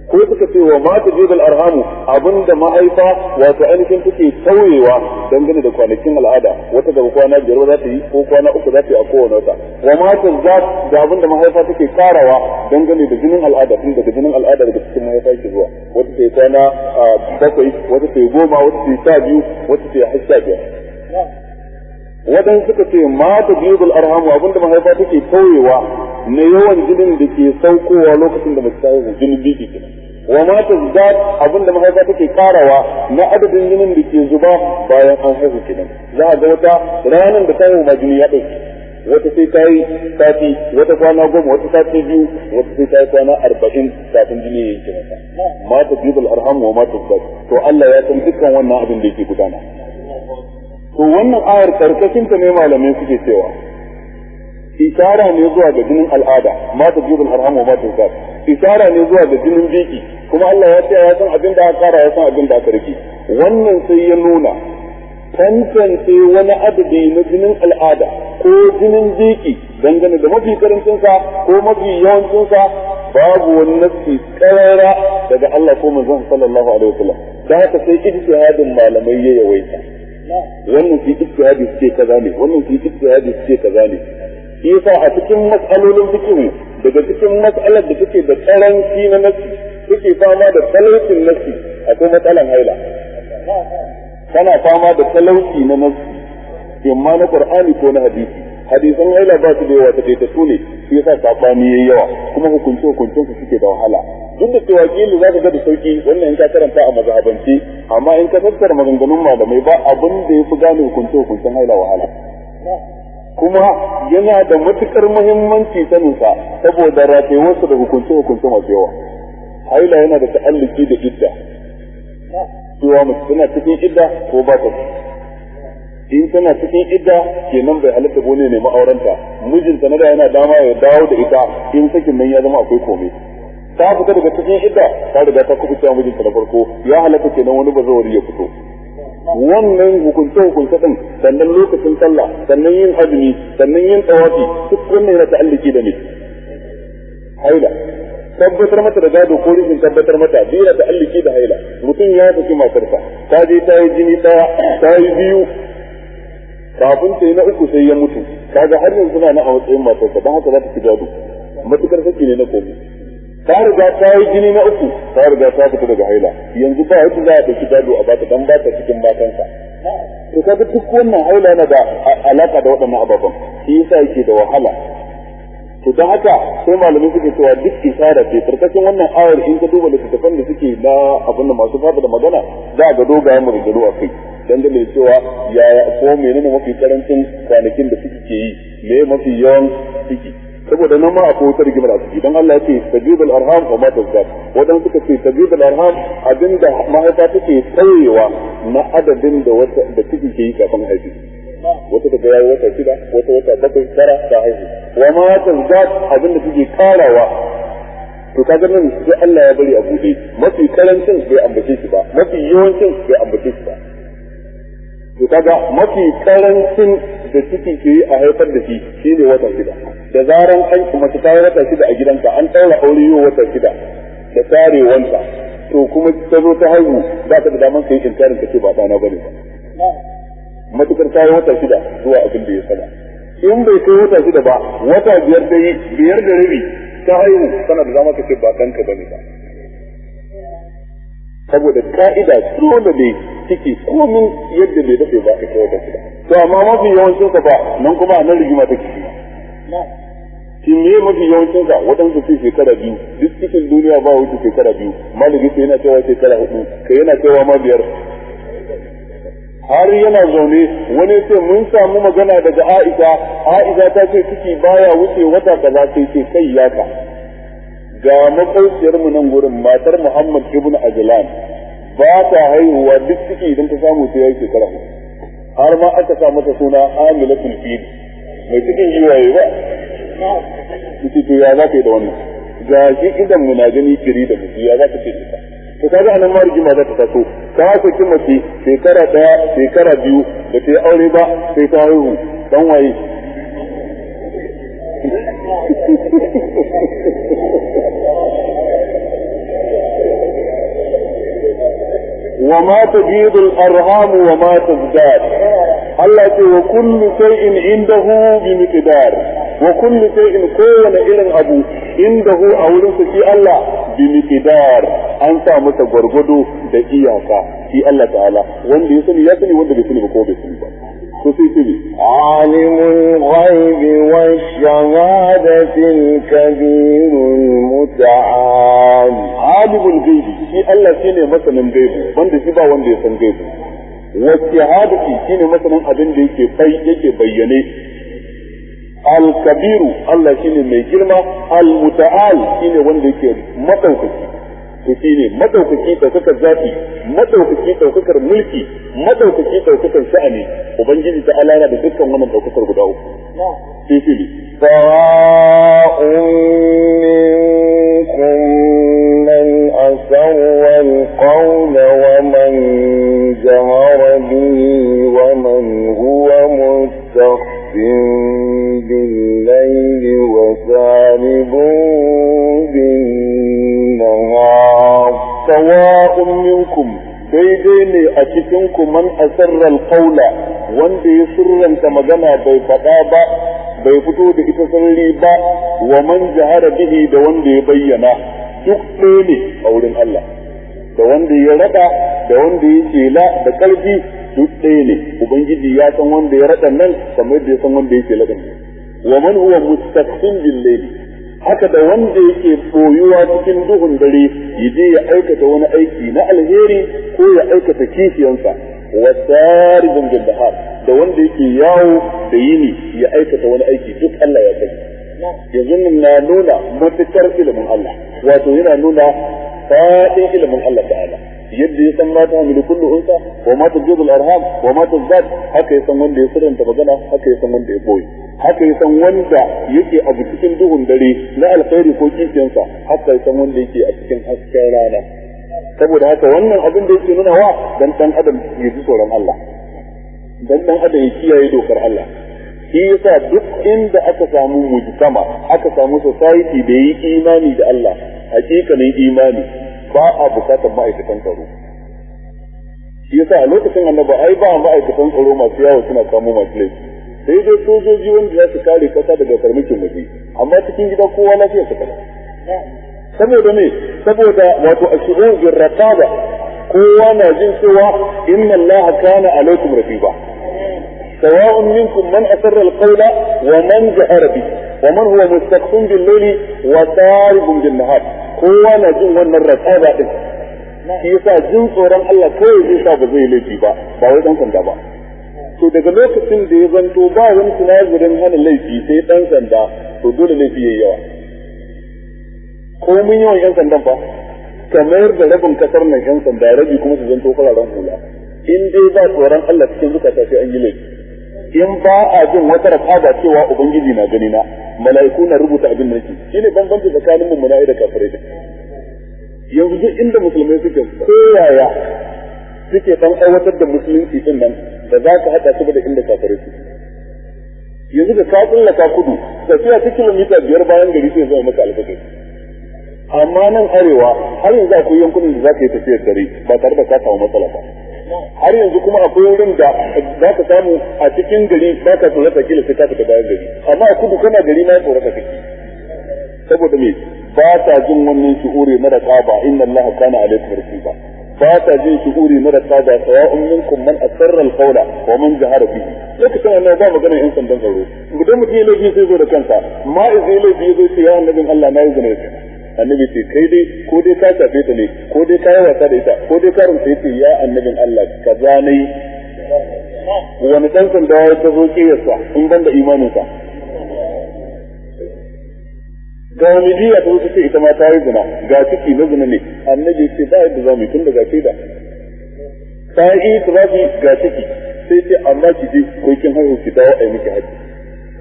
ko suka ce wa ma ta jibal arhamu abinda mahaifa wato ainihin take tauyewa dangane da kwanakin al'ada wata daga kwana biyar za ta yi ko kwana uku za ta yi a kowane wata wa ma ta za da abinda mahaifa take karawa dangane da jinin al'ada tun daga jinin al'ada daga cikin mahaifa ke zuwa wata ta yi kwana ah, bakwai wata ta yi goma wata ta yi sha biyu wata ta yi har sha biyar wadan suka ce ma ta biyudul arhamu abinda mahaifa take tauyewa na yawan jinin da ke saukowa lokacin da mace ta haihu jinin biki kenan wa ma ta zat abinda mahaifa take karawa na adadin jinin da ke zuba bayan an haihu kenan za a ga wata ranar da ta haihu ma jini ya ɗauke wata sai ta yi sati wata kwana goma wata sati biyu wata sai ta yi kwana arba'in kafin jini ya yi kenan ma ta biyudul arhamu wa ma ta zat to Allah ya san dukkan wannan abin da yake gudana to wannan ayar karkashin ta ne malamai suke cewa isara ne zuwa ga jinin al'ada ma ta jibul wa ma ta isara ne zuwa ga jinin biki kuma Allah ya ce ya san abin da aka kara ya san abin da aka rike wannan sai ya nuna tantance wani adadi na jinin al'ada ko jinin biki dangane da mafi karancinsa ko mafi yawancinsa babu wani nafsi karara daga Allah ko manzon sallallahu alaihi wasallam da haka sai ijtihadin malamai ya yawaita wannan su yi ijtihadi su ce kaza ne wannan su yi ijtihadi su ce kaza ne shi yasa a cikin mas'alolin fikihu daga cikin mas'alar da take da karanci na nafsi take fama da talaucin nafsi akwai matsalan haila tana fama da talauci na nafsi imma na qur'ani ko na hadisi hadisan haila ba su da yawa ta da su ne shi yasa sabani yayi yawa kuma hukunce hukuncin su suke da wahala duk da cewa kila za ka ga da sauki wannan in ka karanta a mazhabanci amma in ka tattara maganganun malamai ba abin da ya fi gane hukunce hukuncin haila wahala kuma yana da matukar muhimmanci saninsa saboda su da hukunce hukuncin masu yawa haila yana da ta'alluki da idda cewa mutum suna cikin idda ko ba ta in tana cikin idda ke nan bai halitta gone ne ma'auranta mijinta na da yana dama ya dawo da ita in sakin nan ya zama akwai komai ta fita daga cikin idda ta riga ta kuɓuce wa mijinta na farko ya ke nan wani bazawari ya fito wannan hukunce hukunce din sannan lokacin sallah sannan yin azumi sannan yin tawafi duk wannan yana ta'alliki da ni. haila tabbatar mata da gado ko rikin tabbatar mata biyu da ta'alliki da haila mutum ya tafi matarsa ta je ta yi jini ɗaya ta yi biyu kafin ta yi na uku sai ya mutu kaga har yanzu na a matsayin matarsa don haka za ta fi gado matukar saki ne na komi ta riga ta yi jini na uku ta riga ta fita daga haila yanzu ba yadda za a ɗauki gado a bata dan bata cikin matansa to kaga duk wannan haila na da alaka da waɗannan ababen shi yasa yake da wahala to don haka sai malamai suke cewa duk isara ce karkashin wannan ayar in ka duba littattafan da suke na abin da masu fada da magana za a ga dogayen maganganu a kai dangane da cewa ya ko menene mafi karancin kwanakin da suke yi me mafi yawan ciki saboda nan ma akwai wata rigimar a ciki don Allah ya ce tajibul arham wa ma tazkat wadan suka ce tajibul arham abinda mahaifa take tsayewa na adadin da wata da ciki ke yi kafin haihuwa wata daga yayi wata shida wata wata bakwai tara ta haihu wa ma tazdat abin da kike karawa to ka ga nan sai Allah ya bari a buɗe mafi karancin bai ambace shi ba mafi yawancin bai ambace shi ba to kaga mafi karancin da ciki ke yi a haifar da shi shine wata shida da zaran an mace ta wata shida a gidanka an ɗaura aure yau wata shida da tarewanta to kuma ta zo ta haihu za ta da daman kai inkarin ka ce ba ɗana bane ba matukar ta yi wata shida zuwa abin da ya sama in bai kai wata shida ba wata biyar da yi biyar da rabi ta haihu tana da zama ka ce ba kanka ba ne ba saboda ka'ida da ne ciki komin yadda bai dafe ba ita wata shida to amma mafi yawancin ka ba nan kuma a nan rigima take shi shi ne mafi yawancin ka waɗansu ce shekara biyu duk cikin duniya ba wuce shekara biyu malibu sai yana cewa shekara hudu kai yana cewa ma biyar har yana zaune wani ya ce mun samu magana daga Aisha Aisha ta ce ciki baya wuce wata kaza sai ce kai yaka ga makauciyar mu nan gurin matar Muhammad ibn Ajlan ba ta haihuwa duk ciki idan ta samu sai yi shekara har ma aka sa mata suna Amilatul Fid mai cikin jiwaye ba kici to ya za ka yi da wannan ga shi idan muna gani kiri da kici ya za ka ce ta ga anan ma rigima za ta taso ta saki mace shekara daya shekara biyu da ta yi aure ba sai ta haihu dan waye وما تجيد الأرهام وما zidar. Allah ce wa kullu inda hu bi miqdar wa kullu in kowane irin abu inda hu a wurin su Allah bi miqdar an samu ta gwargwado da iyaka shi Allah ta'ala wanda ya sani ya sani wanda bai sani ba ko bai sani ba to sai ce alimul ghaibi wash shahadati al-kabirul muta'al alimul ghaibi shi Allah ne masanin gaibi wanda shi ba wanda ya san gaibi wasu hadisi ne masanin abin da yake fai yake bayyane al-kabiru Allah ne mai girma al-muta'al ne wanda yake madaukaki to shi ne madaukaki daukakar zafi madaukaki daukakar mulki madaukaki daukakar sha'ani ubangiji ta alana da dukkan wannan daukakar guda uku shi shi ne sawa'un minkum man asarra alqawla wa man jahara bihi wa man huwa mustakhfin bil-layli wa saribun daidai ne a cikin ku man asarral qaula wanda ya surranta magana bai faɗa ba bai fito da ita sarari ba wa man jahara bihi da wanda ya bayyana duk ɗaya ne a wurin Allah da wanda ya rada da wanda ya kela da ƙarfi duk ɗaya ne ubangiji ya san wanda ya rada nan kamar da ya san wanda ya kela din wa man huwa mustaqbil lillahi haka da wanda yake boyuwa cikin duhun dare ya je ya aikata wani aiki na alheri ko ya aikata kishiyansa wa saribun bindahar da wanda yake yawo da yini ya aikata wani aiki duk Allah ya sani yanzu na nuna matukar ilimin Allah wato yana nuna fa'in ilimin Allah ta yadda ya san mata hamilu kullu unsa wa ma tajibu al-arham wa ma tazad haka ya san wanda ya sirranta magana haka ya san wanda ya boye haka ya san wanda yake a cikin duhun dare na alkhairi ko kishiyansa haka ya san wanda yake a cikin hasken rana saboda haka wannan abin da yake nuna wa dan dan adam ya ji tsoron Allah dan dan adam ya kiyaye dokar Allah shi yasa duk inda aka samu mujtama aka samu society da yi imani da Allah ne imani ba a bukatar ma'aikatan tsaro shi yasa a lokacin annaba ai ba ma'aikatan tsaro masu yawo suna kamo masu laifi sai dai sojoji wanda za su kare kasa daga farmakin waje amma cikin gida kowa lafiya ta kala saboda me saboda wato ashuru bir raqaba kowa na jin cewa inna allaha kana alaikum rafiba sawa'un minkum man asarra alqawla wa man jahara bihi wa man huwa mustaqim bil layli wa saribun bin nahar kowa na jin wannan rasaba din shi yasa jin tsoron Allah kawai zai sa ba zai laifi ba ba wai dan sanda ba to daga lokacin da ya zanto ba wani sinadarin hana laifi sai dan sanda to dole laifi yayi yawa ko mun yawan yan sandan fa kamar da rabin kasar nan yan sanda rabi kuma su zanto fararen hula in dai ba tsoron Allah cikin zukata sai an yi laifi in ba a jin wata da cewa ubangiji na gani na mala'iku na rubuta abin da shi shine bambanci tsakanin mummuna da kafirai da yanzu duk inda musulmai suke koyaya suke dan aiwatar da musulunci din nan da za ka hada su da inda kafirai su yanzu da ka tsallaka kudu tafiya ta kilomita biyar bayan gari sai zama maka alfajir amma nan arewa har yanzu akwai yankunan da za ka yi tafiyar dare ba tare da ka samu matsala ba har yanzu kuma akwai wurin da za ka samu a cikin gari ba ka tsorata kila sai ka fita bayan gari amma a kudu kana gari na tsorata kake saboda me ba ta jin wannan shuhuri mara tsaba inna allaha kana alaikum rasiba ba ta jin shuhuri mara tsaba sawa'un minkum man asarra alqawla wa man jahara bihi lokacin annabi ba magana yan sandan tsaro idan mutum ya laifi sai zo da kansa ma izai laifi zo sai ya annabin Allah na yi zina annabi ce kai dai ko dai ka shafe ta ne ko dai ka yi wasa da ita ko dai ka rumsa yace ya annabin Allah ka zane wani dan sanda ya ta zo yasa in ban da imanin ka ga wani jiya ta wuce ce ita ma ta yi zina ga ciki na zina ne annabi ce ba yadda za mu tun da ga da ta yi ta ga ciki sai ce amma ki je ko kin haihu ki dawo a yi miki haji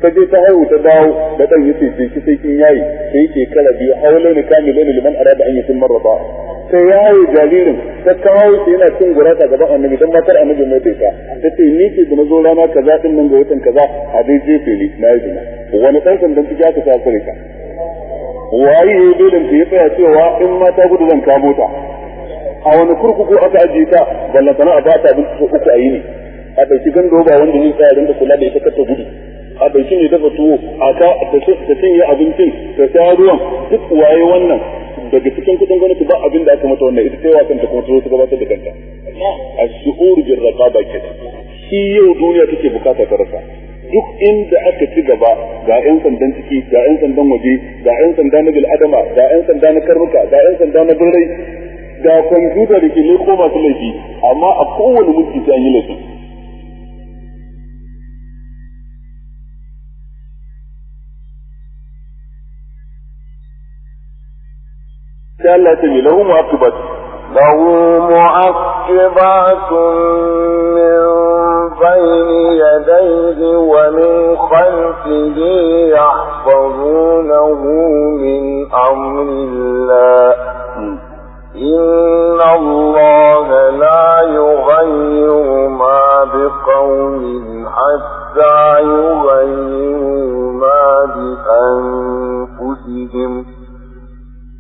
ta je ta haihu ta dawo da dan yace ce ki sai kin yayi sai yake kala biyu haulai ne kamilai ne liman arada an yatim marrata sai yayi jaririn ta kawo shi yana cin gurata gaban annabi dan matar annabi mai taita ta ce ni ke da zo rana kaza din nan ga watan kaza a dai jefe ne na yi zina wani dan sandan dan ka ta kare ka waye ya dole ta yi tsaya cewa in mata gudu zan kamo ta a wani kurkuku aka ajiye ta ballantana a ba ta bin uku a yi ne a ɗauki gando ba wanda yin tsaya da kula da ita ta gudu a dauki ne dafa tuwo a ta ta cinye abincin ta sha ruwan duk waye wannan daga cikin kudin gwamnati ba abin da aka mata wannan ita ta wasan kanta kuma ta su ta gabatar da kanta a suur bil raqaba kenan shi yau duniya take bukata ta rasa duk inda aka ci gaba ga 'yan sandan ciki ga 'yan sandan waje ga 'yan sanda na bil'adama ga 'yan sanda na karnuka ga 'yan sanda na birrai ga kwamfuta da ke leko masu laifi amma a kowane mulki ta yi laifi sai Allah ya ce mai lahu mu'aqibat lahu mu'aqibat min bayni yadayhi wa min khalfihi yahfazunahu min amrillah إن الله لا يغير ما بقوم حتى يغيروا ما بأنفسهم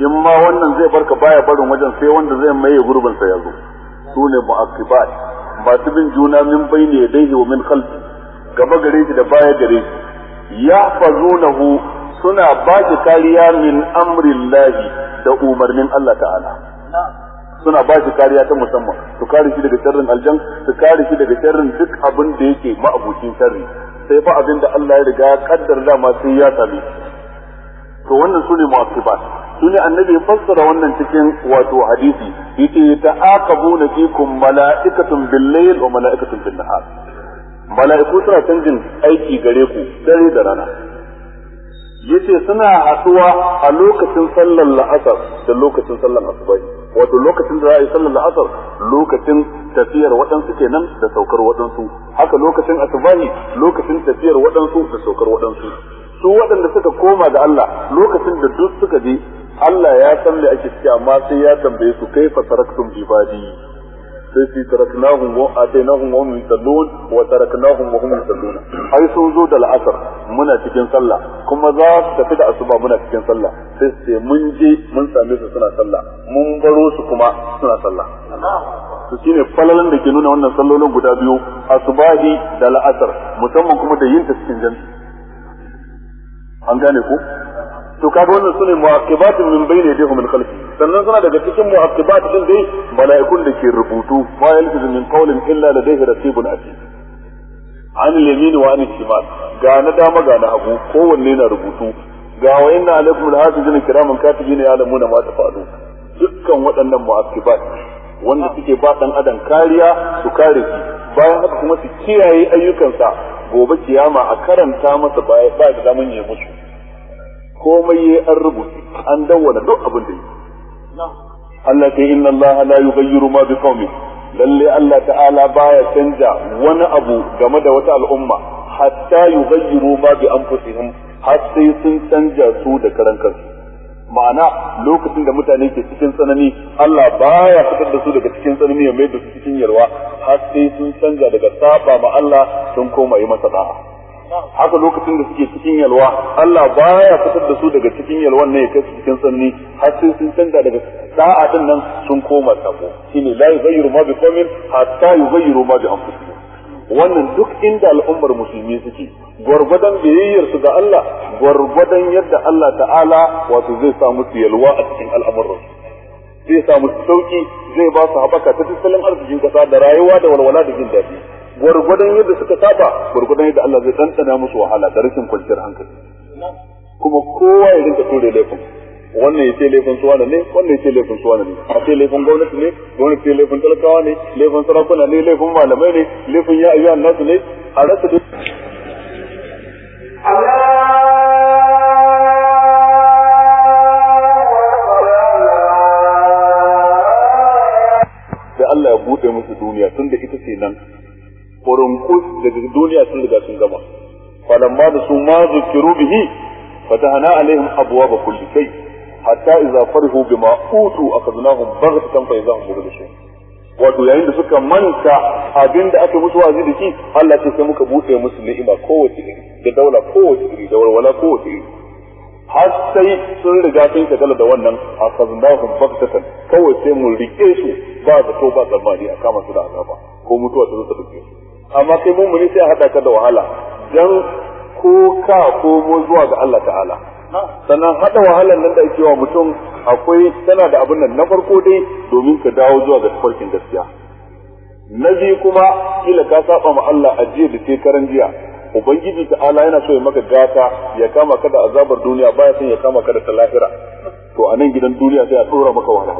in ma wannan zai barka baya barin wajen sai wanda zai maye gurbin sa yazo su ne ba masu bin juna min bayni yadayhi wa min khalfi gaba gare shi da baya gare shi hu suna ba shi kariya min amrillahi da umarnin Allah ta'ala suna ba shi kariya ta musamman su kare shi daga sharrin aljan su kare shi daga sharrin duk abin da yake ma'abucin sharri sai fa abin da Allah ya riga ya kaddar dama sai ya same to wannan sune mu'aqibat shine annabi fassara wannan cikin wato hadisi yace ta'aqabuna fikum mala'ikatun bil-layl wa mala'ikatun bin-nahar mala'iku suna canjin aiki gare ku dare da rana yace suna haɗuwa a lokacin sallar la'asar da lokacin sallar asubai wato lokacin da za a yi sallar la'asar lokacin tafiyar waɗansu kenan da saukar waɗansu haka lokacin asubahi lokacin tafiyar waɗansu da saukar waɗansu su waɗanda suka koma da Allah lokacin da duk suka je Allah ya san da ake ciki amma sai ya tambaye su kai taraktum ibadi sai su taraknahum wa atainahum wa hum yusallun wa taraknahum wa hum yusallun ai sun zo da al'asar muna cikin sallah kuma za su tafi da asuba muna cikin sallah sai su mun je mun same su suna sallah mun baro su kuma suna sallah to shine falalan da ke nuna wannan sallolin guda biyu asubahi da la'asar musamman kuma da yin ta cikin jami'i an gane ko to kaga wannan sune mu'aqibatun min bayni yadihim min khalfi sannan suna daga cikin mu'aqibat din dai mala'ikun da ke rubutu wa yalfizu min qawlin illa ladayhi rasibun atid an yamin wa an shimal ga na dama ga na hagu kowanne na rubutu ga wa inna alaikum katibi kiraman katibin ya'lamuna ma fadu dukkan waɗannan mu'aqibat wanda suke ba dan adam kariya su kare shi bayan haka kuma su kiyaye ayyukansa gobe kiyama a karanta masa baya ba da zaman ya mutu komai yayi an rubuta, an dawwala duk abin da yi Allah ta inna Allah la yughayyiru ma bi qaumin lalle Allah ta'ala baya canja wani abu game da wata al'umma hatta yughayyiru ma bi anfusihim har sai sun canja su da karan kansu ma'ana lokacin da mutane ke cikin tsanani Allah baya fitar da su daga cikin tsanani ya mai da su cikin yarwa, har sai sun canja daga saba ma Allah sun koma yi masa da'a haka lokacin da suke cikin yalwa Allah baya fitar da su daga cikin yalwan ne ya kai su cikin sanni har sai sun canza daga da'a din nan sun koma sabo shine la yughayyiru ma bi qawmin hatta yughayyiru ma bi anfusihim wannan duk inda al'ummar musulmi suke gwargwadon biyayyar su ga Allah gwargwadon yadda Allah ta'ala wato zai sa musu yalwa a cikin al'amuran zai sa musu sauki zai ba su haɓaka ta tattalin arzikin kasa da rayuwa da walwala da jin daɗi gwargwadon yadda suka saba gwargwadon yadda Allah zai tantana musu wahala da rashin kwanciyar hankali kuma kowa ya rinka ture laifin wannan ya ce laifin su wani ne wannan ya ce laifin su wani ne a ce laifin gwamnati ne gwamnati ce laifin talakawa ne laifin sarakuna ne laifin malamai ne laifin ya ayyuan nasu ne a rasa duk da Allah ya bude musu duniya tunda ita ce nan kurunkus daga duniya sun riga sun gama falamma da su ma zukiru bihi fatahana alaihim abwaaba kulli shay hatta idza farihu bima utu akhadnahum baghtatan wato yayin da suka manta abin da aka musu wazi da shi Allah ce sai muka buɗe musu ni'ima kowace iri da daula kowace iri da walwala kowace iri har sai sun riga sun dala da wannan a kazinahun baktatan kawai sai mun rike su ba zato ba tsammani a kama su da azaba ko mutuwa ta zo ta rike su amma kai muni sai a hada ka da wahala dan ko ka mu zuwa ga Allah ta'ala sannan hada wahalar nan da ake wa mutum akwai tana da abin nan na farko dai domin ka dawo zuwa ga farkin gaskiya na biyu kuma kila ka saba ma Allah a da shekaran jiya ubangiji ta'ala yana so ya maka gata ya kama ka da azabar duniya baya son ya kama ka da ta lahira to a nan gidan duniya sai a tsora maka wahala.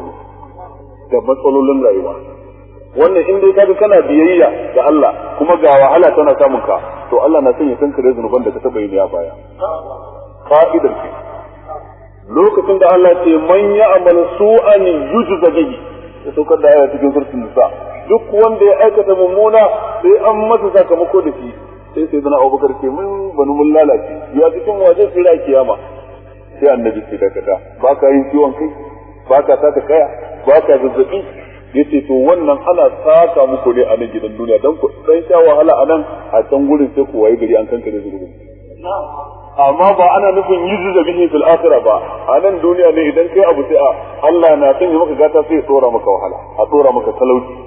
da matsalolin rayuwa wannan in dai kaga kana biyayya ga Allah kuma ga wahala tana samun ka to Allah na son ya san kare zunuban da ka taba yi a baya fa'idar ki lokacin da Allah ce man ya'mal su'an yujza bihi ya saukar da aya cikin surtin nisa duk wanda ya aikata mummuna sai an masa sakamako da shi sai sai zana abubakar ce mun banu mun lalace ya cikin waje sai kiyama sai annabi ce dakata ba ka yin ciwon kai ba ka saka kaya ba ka zazzabi yace to wannan ana saka muku ne a nan gidan duniya don ku dan sha wahala a nan a can gurin sai ku waye gari an kankare zurgun amma ba ana nufin yuzu da bihi fil akhirah ba a nan duniya ne idan kai abu sai a Allah na san yi maka gata sai ya tsora maka wahala a tsora maka talauci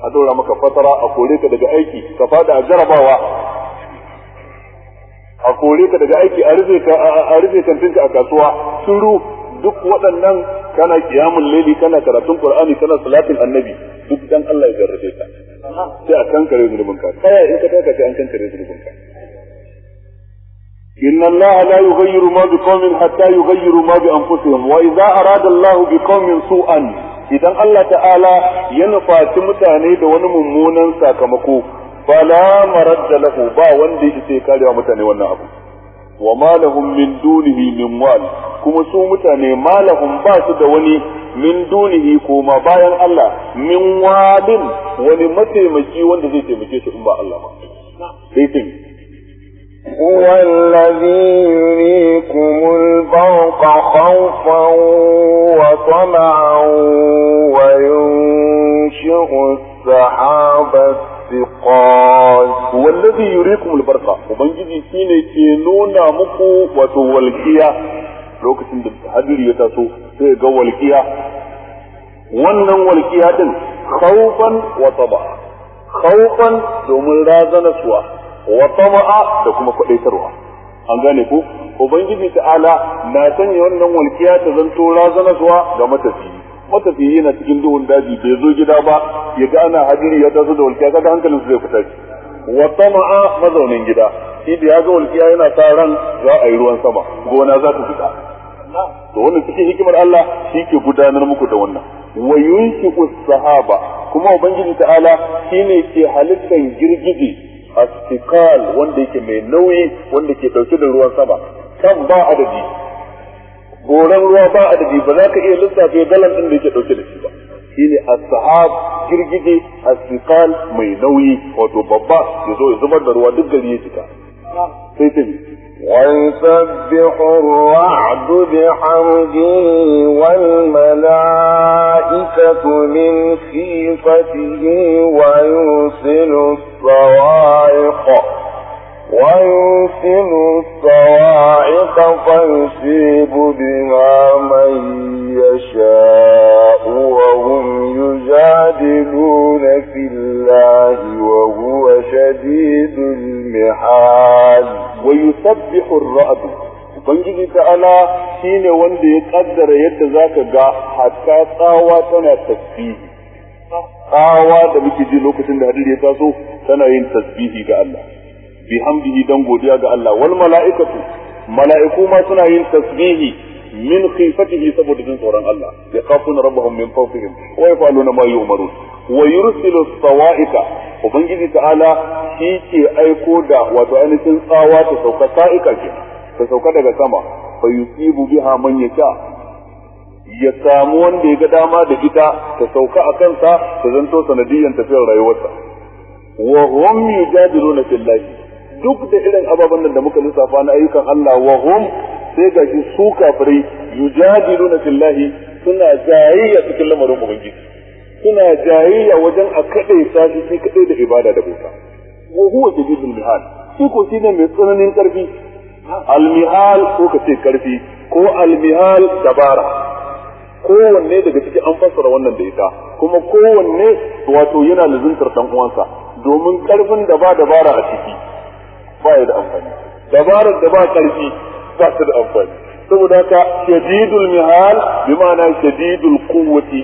a tsora maka fatara a kore ka daga aiki ka fada a jarabawa a kore ka daga aiki a rufe kantinka a kasuwa shiru duk waɗannan kana kiyamun laili kana karatun qur'ani kana salatin annabi duk dan Allah ya jarrabe ka sai a kankare zulubin ka sai in ka taka sai an kankare zulubin ka إن الله لا يغير ما بقوم حتى يغيروا ما بأنفسهم وإذا أراد الله بقوم سوءا إذا الله تعالى ينفع تمتاني دون ممونا ساكمكو فلا مرد له با وندي إسيكالي ومتاني وانا أبو wa malahum min dunihi min wal kuma su mutane malahum ba su da wani min dunihi koma bayan Allah min walin wani mataimaki wanda zai taimake su in ba Allah ba sai هو الذي يريكم البرق خوفا وطمعا وينشئ السحاب الثقال هو الذي يريكم البرق وبنجي شيني ke nuna muku wato walkiya lokacin da hadiri ya taso sai ga walkiya wannan walkiya din khawfan wa taba khawfan domin razana suwa wa tama'a da kuma kwadaitarwa an gane ku ubangiji ta'ala na sanya wannan walkiya ta zanto zuwa ga matafiyi matafiyi na cikin duhun daji bai zo gida ba ya ga ana hadiri ya taso da walkiya kada hankalin su zai fita shi wa tama'a mazaunin gida shi ya ga walkiya yana sa ran za a yi ruwan sama gona za ta fita to wannan cikin hikimar Allah shi ke gudanar muku da wannan wa yunshiqu sahaba kuma ubangiji ta'ala shine ke halittar girgije astikal wanda yake mai nauyi wanda ke dauke da ruwan sama kan ba adadi goran ruwa ba adadi ba za ka iya lissafe galan din da yake dauke da shi ba shine as-sahab girgije astikal mai nauyi wato babba ya zo ya zubar da ruwa duk gari ya jika sai ta ويسبح الرعد بحمده والملائكة من خيفته ويرسل الصواعق ويرسل الصواعق فيصيب بها من يشاء وهم يجادلون في الله وهو شديد المحال ويسبح الرعد Ubangiji ta'ala shi ne wanda ya ƙaddara yadda za ka ga hatta tsawa tana tasbihi. Tsawa da muke ji lokacin da hadiri ya taso tana yin tasbihi ga Allah. bi hamdihi dan godiya ga Allah wal mala'ikatu mala'iku ma suna yin tasbihi min khifatihi saboda jin tsoron Allah Ya kafuna rabbahum min fawqihim wa yaf'aluna ma yu'marun wa yursilu sawaika ubangiji ta'ala shi ke aiko da wato ainihin tsawa ta sauka sa'ika ke ta sauka daga sama fa yusibu biha man yasha ya samu wanda ya ga dama da ita ta sauka a kansa ta zanto sanadiyyar tafiyar rayuwarsa wa hum yujadiluna fillahi duk da irin ababen nan da muka lissafa na ayyukan Allah wa hum sai ga shi su kafirai yujadiluna fillahi suna jayayya cikin lamarin ubangiji suna jayayya wajen a kaɗai sashi shi kaɗai da ibada da bauta wa huwa jadidul mihal shi ko shine mai tsananin karfi mihal ko ka ce karfi ko Al-Mihal mihal dabara kowanne daga cikin an fassara wannan da ita kuma kowanne wato yana lazuntar dan uwansa domin karfin da ba dabara a ciki ba ya da amfani dabarar da ba karfi ba ta da amfani saboda haka shadidul mihal bi ma'ana shadidul quwwati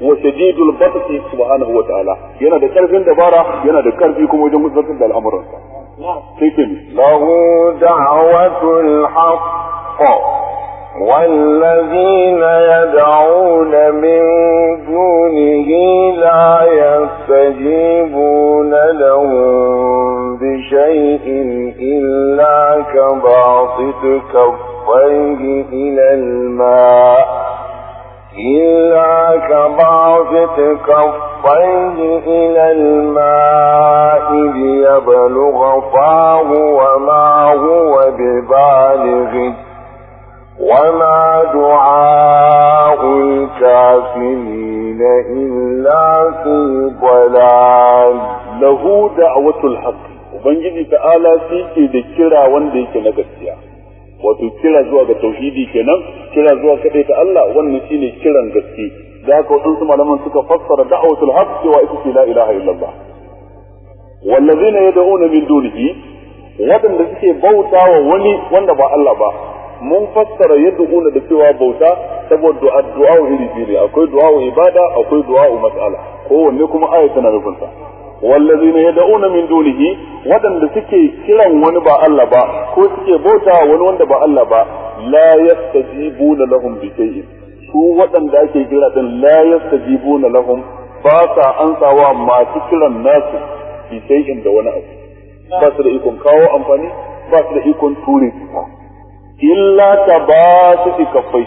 wa shadidul batsi subhanahu wa ta'ala yana da karfin dabara yana da karfi kuma wajen gudanar da al'amuransa sai ke lahu da'watul haqq والذين يدعون من دونه لا يستجيبون لهم بشيء إلا كباطت كفيه إلى الماء إلا كباطت كفيه إلى الماء ليبلغ فاه وما هو ببالغه وما دعاء الكافرين إلا في ضلال له دعوة الحق ubangiji ta'ala shi ke da kira wanda yake na gaskiya wato kira zuwa ga tauhidi kenan kira zuwa kadai ta Allah wannan shine kiran gaske da haka wasu malaman suka fassara da'watul haqq wa ita ce la ilaha illallah wallazina yad'una min dunihi wadanda suke bauta wa wani wanda ba Allah ba mun fassara yadda una da cewa bauta saboda addu'a iri biyu akwai du'a ibada akwai du'a mas'ala kowanne kuma aya tana kunta wallazina yad'una min dunihi wadanda suke kiran wani ba Allah ba ko suke bauta wani wanda ba Allah ba la yastajibuna lahum bi shay'in su wadanda ake kira din la yastajibuna lahum ba sa ansawa masu kiran nasu bi shay'in da wani abu ba su da ikon kawo amfani ba su da ikon ture illa ta ba su ikafai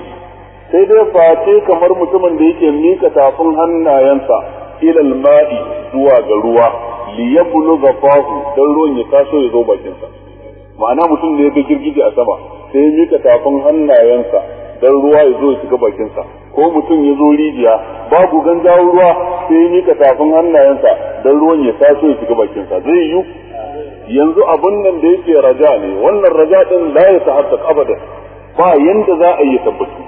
sai dai face kamar mutumin da yake mika tafin hannayensa ilal ma'i zuwa ga ruwa bulu ga fahu don ruwan ya taso ya zo bakinsa ma'ana mutum da ya ga girgije a sama sai ya mika tafin hannayensa don ruwa ya zo ya shiga bakinsa ko mutum ya zo rijiya babu ganjawo ruwa sai ya mika tafin hannayensa don ruwan ya taso ya shiga bakinsa zai yi yanzu abun nan da yake raja ne wannan raja din la ya tahaqqaq abadan ba yanda za a yi tabbaci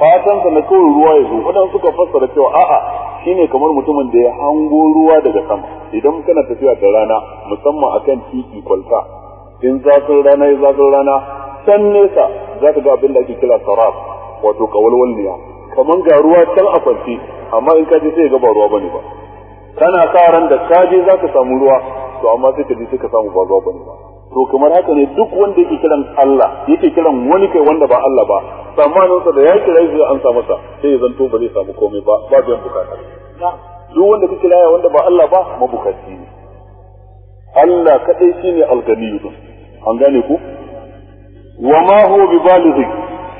fatan sa na kawai ruwa yazo zo wadan suka fassara cewa a'a shine kamar mutumin da ya hango ruwa daga sama idan kana tafiya da rana musamman akan titi kwalta in zafin rana ya zafin rana san nesa za ka ga abin da ake kira sarab wato niya kamar ga ruwa can a kwance amma in ka je sai ga ba ruwa bane ba kana sa ran da kaje za ka samu ruwa to amma sai ka ji ka samu ba zuwa ba to kamar haka ne duk wanda yake kiran Allah yake kiran wani kai wanda ba Allah ba tsammaninsa da ya kira shi an samu sa sai ya zanto ba zai samu komai ba ba biyan bukata duk wanda ka kira wanda ba Allah ba mabukaci ne Allah kadai shine alganiyu an gane ku wa ma huwa bi balighi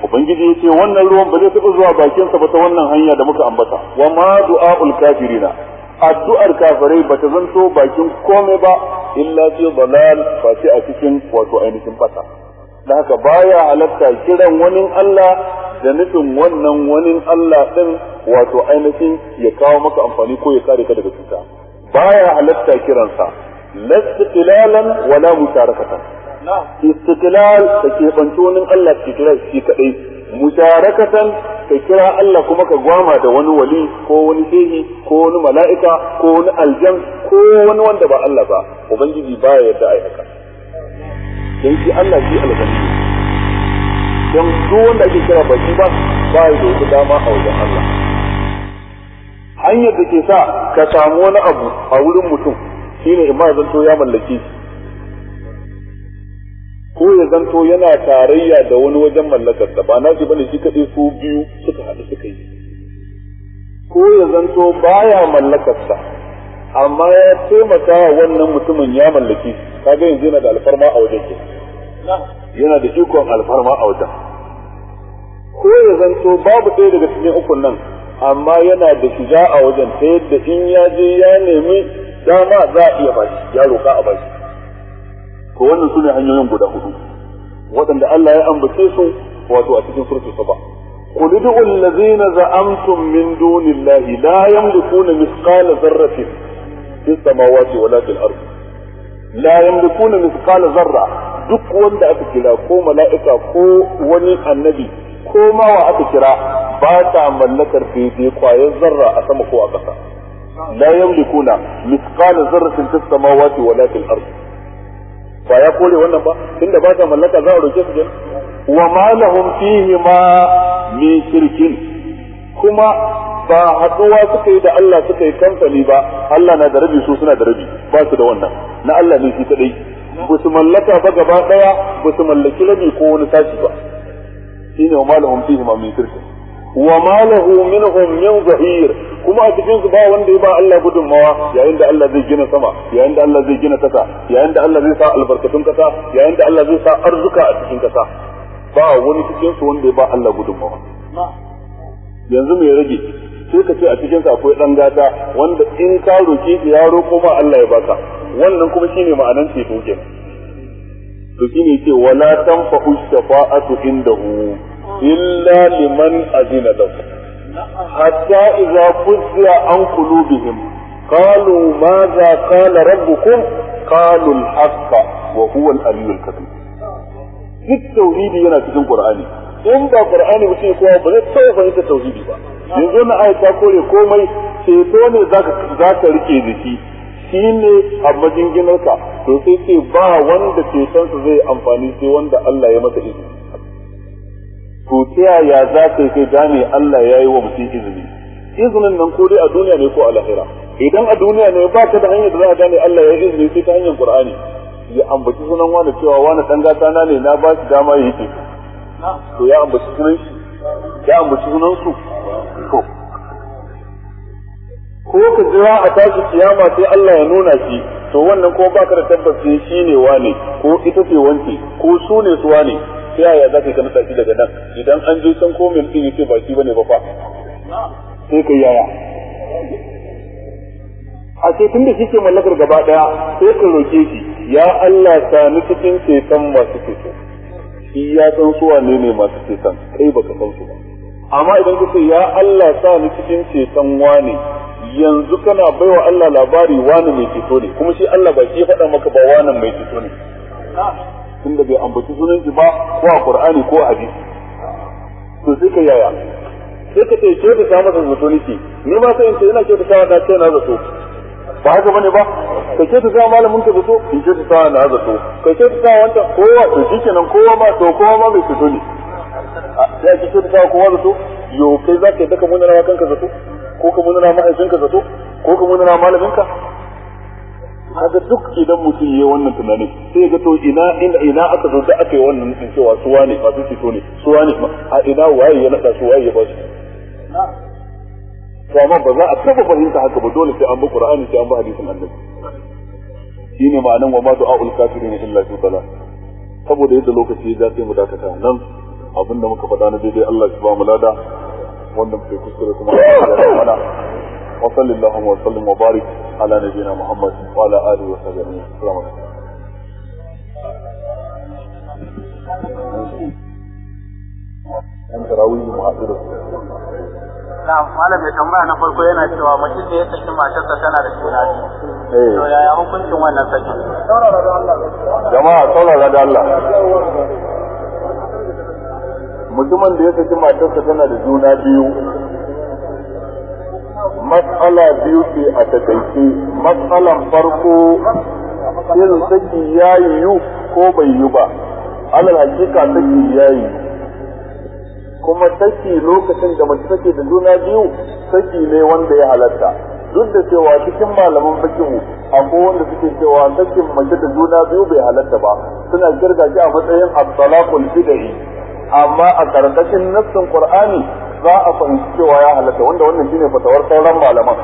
ubangiji yace wannan ruwan ba zai taba zuwa sa ba ta wannan hanya da muka ambata wa ma ul kafirina addu'ar kafirai ba bata zanto bakin komai ba illa fi dalal ba a cikin wato ainihin fata da haka baya halatta kiran wani Allah da nufin wannan wani Allah din wato ainihin ya kawo maka amfani ko ya kare ka daga cuta baya halatta kiransa lastilalan wala musharakatan istiqlal da ke wani Allah ke kira shi kadai musharakatan ka kira Allah kuma ka gwama da wani wali ko wani shehi ko wani mala'ika ko wani aljan ko wani wanda ba Allah ba ubangiji baya yarda ai haka dan shi Allah shi aljanna don duk wanda ake kira baki ba ba ya da dama a wajen Allah hanyar da ke sa ka samu wani abu a wurin mutum shine imma zanto ya mallake shi ko ya zanto yana tarayya da wani wajen mallakarsa ba na shi bane shi kaɗai su biyu suka haɗu suka yi ko ya zanto baya mallakarsa amma ya taimaka wannan mutumin ya mallaki kaga yanzu yana da alfarma a wajen ke yana da ikon alfarma a wajen ko ya zanto babu ɗaya daga cikin ukun nan amma yana da shiga a wajen ta yadda in ya je ya nemi dama za a iya bashi ya roƙa a bashi to wannan su ne hanyoyin guda hudu waɗanda Allah ya ambace su wato a cikin surtu saba قل ادعوا الذين زعمتم من دون الله لا يملكون مثقال ذرة في السماوات ولا في الأرض لا يملكون مثقال ذرة duk wanda aka kira ko mala'ika ko wani annabi ko ma aka kira ba ta mallakar daidai kwayar zarra a sama ko a ƙasa la yamlikuna mithqala ba ya kore wannan ba tunda ba sa mallaka za a roke su kenan wa ma lahum fihi ma min shirkin kuma ba haɗuwa suka yi da Allah suka yi kamfani ba Allah na da rabi su suna da rabi ba su da wannan na Allah ne shi kadai ba su mallaka ba gaba daya ba su mallaki rabi ko wani sashi ba shine wa ma lahum fihi ma min shirkin wa ma lahu minhum min zahir kuma a cikin su ba wanda ya ba Allah gudunmawa yayin da Allah zai gina sama yayin da Allah zai gina kasa yayin da Allah zai sa albarkatun kasa yayin da Allah zai sa arzuka a cikin kasa ba wani cikin su wanda ya ba Allah gudunmawa yanzu me rage sai ka ce a cikin sa akwai dan gata wanda in ka roke shi ya roko ma Allah ya baka wannan kuma shine ma'anar ceto kenan to shine ce wala tanfa'u shafa'atu indahu illa liman azina lahu حتى إذا فزع عن قلوبهم قالوا ماذا قال ربكم قالوا الحق وهو الألي الكبير duk tauhidi yana cikin qur'ani in ba qur'ani ba sai kowa ba zai tsaye fahimta tauhidi ba yanzu na aika kore komai ceto ne zaka zaka rike jiki shi ne a majinginarka to sai ce ba wanda cetonsa zai amfani sai wanda Allah ya masa izini to ta yaya za ka kai gane Allah ya yi wa mutum izini izinin nan ko dai a duniya ne ko a lahira idan a duniya ne ba ka da hanyar da za a gane Allah ya yi izini sai ta hanyar Qur'ani ya ambaci sunan wani cewa wani dan gata na ne na ba shi dama ya ke to ya ambaci sunan shi ya ambaci sunan su to ko ka jira a tashi kiyama sai Allah ya nuna shi to wannan ko baka da tabbaci shi ne wane ko ita ce wance ko su ne su wane ta yaya za ka kana shi daga nan idan an je san ko mai mutum ce ba bane ba fa sai ka yaya a ce tun da shi ke mallakar gaba daya sai ka roke shi ya Allah sani cikin ceton masu ceto shi ya san suwa ne ne masu ceton kai baka san su ba amma idan ka ce ya Allah sani cikin ceton wane yanzu kana baiwa Allah labari wane mai ceto ne kuma shi Allah ba shi faɗa maka ba wane mai ceto ne tunda bai ambaci sunan shi ba ko a qur'ani ko a hadisi to sai ka yaya sai ka ce ke ta masa zato nake ni ma sai in ce ina ce ta sawa ta ce na zato ba haka bane ba ka ce ta sawa malamin ka zato in ce ta sawa na zato ka ce ta sawa wanda kowa to shikenan kowa ma to kowa ma bai fito ne sai ka ce ta sawa kowa zato yo kai za ka yi daka munana kanka zato ko ka munana ma'aikinka zato ko ka munana malaminka kaga duk idan mutum yayi wannan tunanin sai ga to ina ina ina aka zo da aka yi wannan din cewa su wane ba su fito ne su wane a ina waye ya nada su waye ya ba su to amma ba za a taba fahimta haka ba dole sai an bi qur'ani sai an bi hadisin annabi shine ma'anan wa ma ul kafirin illa fi dalal saboda yadda lokaci ya sai mu dakata nan abinda muka faɗa na daidai Allah shi ba mu lada wannan bai kuskure kuma ya mana وصل اللهم وسلم وبارك على نبينا محمد وعلى اله وصحبه اجمعين السلام عليكم na'am malam ya tambaya na farko yana cewa mace ce ya saki matarsa tana da juna biyu eh. to yaya hukuncin wannan sakin jama'a saurara da Allah mutumin da ya saki matarsa tana da juna biyu matsala biyu ce a takaice matsalan farko yin saki ya yiwu ko bai yi ba alal hakika saki ya yi kuma saki lokacin da mace take da juna biyu saki ne wanda ya halatta duk da cewa cikin malaman fikihu akwai wanda suke cewa sakin mace da juna biyu bai halatta ba suna kirga a matsayin as amma a karkashin nassin qur'ani za a fahimci cewa ya halatta wanda wannan shine fatawar sauran malaman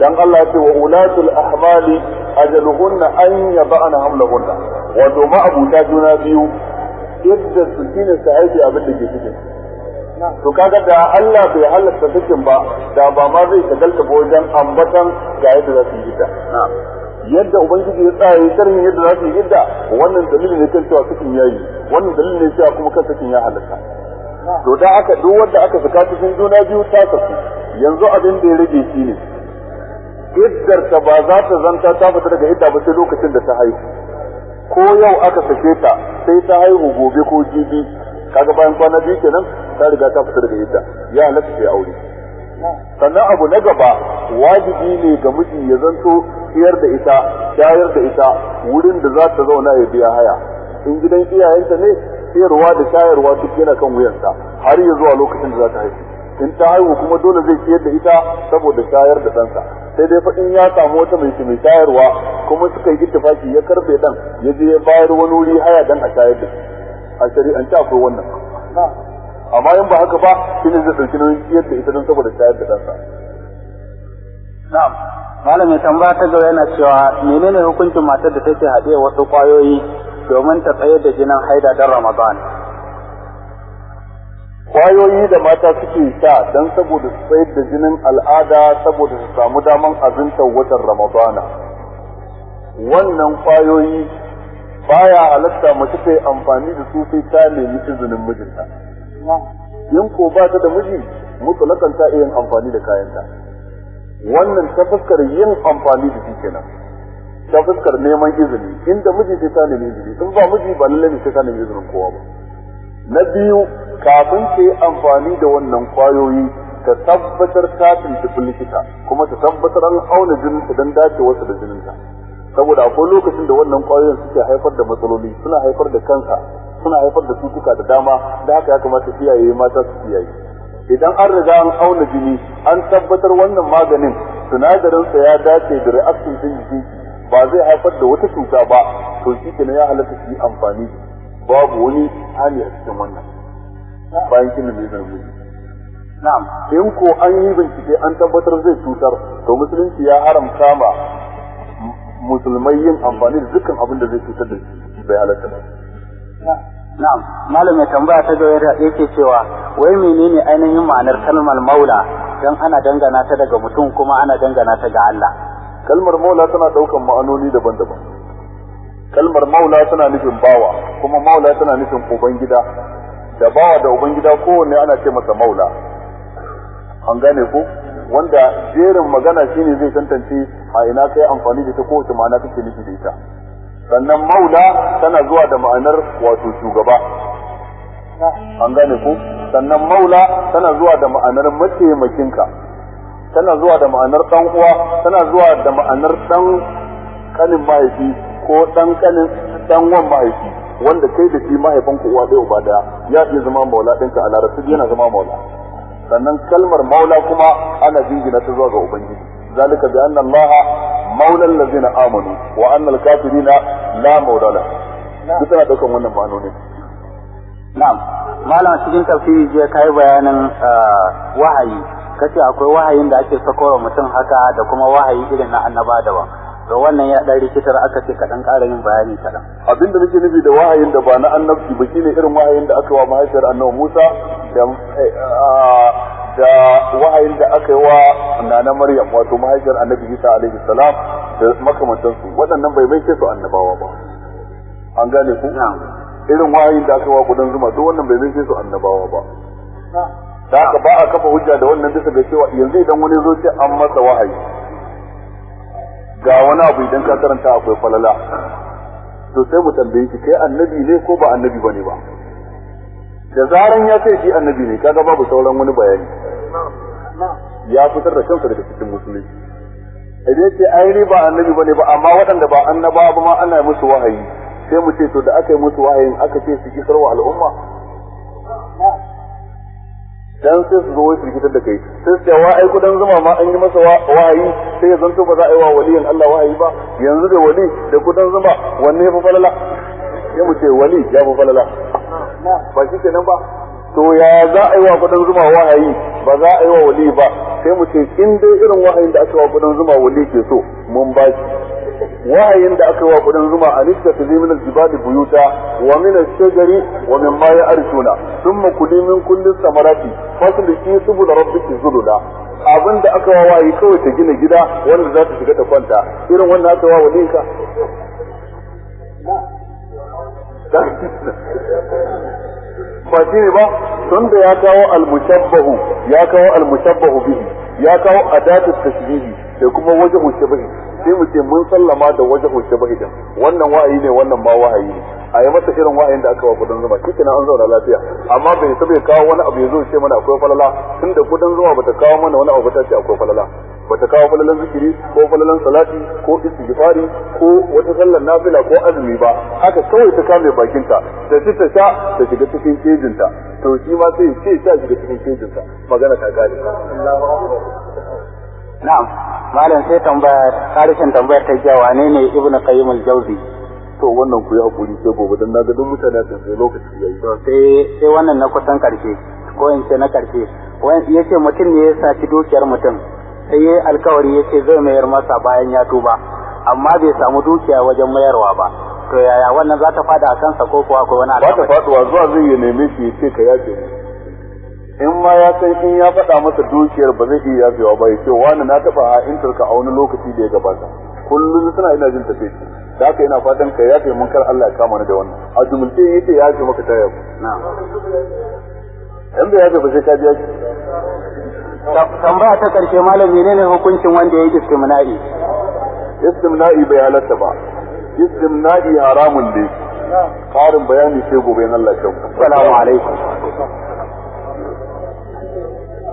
dan Allah ya ce wa ulatul ahmali ajaluhunna an yab'ana hamlahunna wato ma'abuta juna biyu yadda su shine su haifi abin da ke cikin to kaga da Allah bai halatta cikin ba da ba ma zai shagalta galtaba wajen ambatan ga yadda za su yi ta yadda ubangiji ya tsaya ya sharhi yadda za su yi yadda wannan dalilin ne kan cewa sakin ya yi wannan dalilin ne cewa kuma kan cikin ya halatta to da aka duk wanda aka saka cikin juna biyu ta tafi yanzu abin da ya rage shi ne iddar ta ba za ta zanta ta fita daga idda ba sai lokacin da ta haihu ko yau aka sake ta sai ta haihu gobe ko jibi kaga bayan kwana biyu kenan ta riga ta fita daga idda ya halatta sai aure sannan abu na gaba wajibi ne ga miji ya zanto ciyar da ita shayar da ita wurin da za ta zauna ya biya haya in gidan iyayenta ne ciyarwa da shayarwa duk yana kan wuyansa har ya zuwa lokacin da za ta haihu in ta haihu kuma dole zai ciyar da ita saboda shayar da ɗansa sai dai faɗin ya samu wata mai mai shayarwa kuma suka yi tafaki ya karfe ɗan ya je ya bayar wani wuri haya dan a shayar da a shari'ance akwai wannan amma in ba haka ba shi ne zai ɗauki nauyin ciyar da ita don saboda shayar da ɗansa malamin tambaya ta gaba yana cewa menene hukuncin matar da take haɗe wasu ƙwayoyi domin ta tsaye da jinin haida don ramadan ƙwayoyi da mata suke sha don saboda su tsaye da jinin al'ada saboda su samu daman azinta watan ramadana wannan ƙwayoyi baya halatta mace ta yi amfani da su sai ta nemi izinin mijinta in ko ba ta da miji mutu ta iya amfani da kayanta wannan ta fuskar yin amfani da shi kenan ta fuskar neman izini inda miji sai ta nemi izini in ba miji ba lalle ne sai ta nemi izinin kowa ba na biyu kafin ka yi amfani da wannan kwayoyi ka tabbatar ta tuntuɓi likita kuma ta tabbatar an auna jininta don dace wasu da jininta saboda akwai lokacin da wannan kwayoyin suke haifar da matsaloli suna haifar da kansa suna haifar da cutuka da dama da haka ya kamata kiyaye mata su kiyaye idan an riga an auna jini an tabbatar wannan maganin sinadarinsa ya dace da reaction din jiki ba zai haifar da wata cuta ba to shi kenan ya halatta shi amfani babu wani hali a cikin wannan bayan kin mai zargi na'am in ko an yi bincike an tabbatar zai cutar to musulunci ya haramta ma musulmai yin amfani da dukkan abin da zai cutar da shi bai halatta ba na'am malam ya tambaya ta ga yake cewa wai menene ainihin ma'anar kalmar maula dan ana dangana ta daga mutum kuma ana dangana ta ga Allah kalmar maula tana daukan ma'anoni daban-daban kalmar maula tana nufin bawa kuma maula tana nufin ubangida da bawa da ubangida kowanne ana ce masa maula an gane ko wanda jerin magana shine zai tantance a ina kai amfani da ta kowace ma'ana take nufi da ita sannan maula tana zuwa da ma'anar wato shugaba an gane ku sannan maula tana zuwa da ma'anar mataimakinka tana zuwa da ma'anar dan uwa tana zuwa da ma'anar dan kanin mahaifi ko dan kanin dan wan mahaifi wanda kai da shi mahaifin ku uwa ɗaya uba ɗaya ya iya zama maula ɗinka a larabci yana zama maula sannan kalmar maula kuma ana jingina ta zuwa ga ubangiji zalika bi anna allaha maula allazina amanu wa anna alkafirina la maula lahum duk wannan ma'anonin na'am malam cikin tafsiri je kai bayanin wahayi kace akwai wahayin da ake sako wa mutum haka da kuma wahayi irin na annaba daban to wannan ya dan rikitar aka ce kaɗan ƙara yin bayani kaɗan. abinda nake nufi da wahayin da ba na annabi ba shine irin wahayin da aka wa mahaifiyar annabi Musa da eh, da wahayin da aka yi wa nana Maryam wato mahaifiyar annabi Isa alaihi salam da su waɗannan bai mai su annabawa ba. An gane ku? Irin wahayin da aka yi wa gudan zuma duk wannan bai mai su annabawa ba. Da haka ba a kafa hujja da wannan duka da cewa yanzu idan wani zo ce an masa wahayi ga wani abu idan ka karanta akwai falala to sai mu tambaye shi kai annabi ne ko ba annabi bane ba da zaran ya ce shi annabi ne kaga babu sauran wani bayani ya fitar da kansa daga cikin musulmi idan ce ai ni ba annabi bane ba amma waɗanda ba annaba ba ma ana musu wahayi sai mu ce to da aka yi musu wahayin aka ce su kisarwa al'umma dan sai su zo wai firgitar da kai sai su ce wa ai kudan zuma ma an yi masa wa'ayi sai ya zanto ba za a yi wa waliyin Allah wa'ayi ba yanzu da wali da kudan zuma wanne ya fi falala ya mu ce wali ya fi falala ba shi kenan ba to ya za a yi wa kudan zuma wa'ayi ba za a yi wa wali ba sai mu ce in dai irin wa'ayin da aka wa kudan zuma wali ke so mun ba shi Wa'ayin da aka wa kudin zuma a ta su min da buyuta wa min ashjari wa min ma sun ma kudi min kullum samarati shi fasliki subul rabbiki zulula abin da aka wa wahayi kawai ta gina gida wanda za ta shiga ta kwanta irin wannan aka wa ka? ba shi ne ba sun da ya kawo almushabbahu ya kawo almushabbahu bihi ya kawo adatu tashbihi da kuma waje bai sai mu ce mun sallama da waje bai din wannan wa'ayi ne wannan ba wa'ayi ne a yi masa irin wa'ayin da aka wa kudin zuma shi kenan an zauna lafiya amma bai bai kawo wani abu ya zo ce mana akwai falala tunda kudin zuma bata kawo mana wani abu ta ce akwai falala bata kawo falalan zikiri ko falalan salati ko istighfari ko wata sallar nafila ko azumi ba haka kawai ta kame bakinta ta ci ta sha ta shiga cikin kejinta to shi ma sai ce ta shiga cikin kejinta magana ta gane na'am malam sai tambaya tarihin tambayar ta jiya wane ne ibnu qayyim al-jawzi to wannan ku ya hakuri sai gobe dan naga duk mutane sun sai lokaci yayi to sai sai wannan na kusan karshe ko in ce na karshe wani yace mutum ne ya saci dukiyar mutum sai yayi alkawari yace zai mayar masa bayan ya tuba amma bai samu dukiya wajen mayarwa ba to yaya wannan za ta fada a kansa ko kuwa akwai wani alƙawari. ba ta faduwa zuwa zai neme shi ya ce ka yace in ma ya san in ya faɗa masa dukiyar ba zai iya yafewa ba ya ce wani na taɓa a ka a wani lokaci da ya gabata kullum suna ina jin tafe shi da haka ina fatan ka yafe mun kar Allah ya kama ni da wannan a jumulce ce ya ce maka ta yabo. yan in bai yafe ba sai ka ji shi tambaya ta karshe malam menene hukuncin wanda ya yi istimna'i istimna'i bai halatta ba istimna'i haramun ne karin bayani sai gobe in Allah ya kyauta assalamu alaikum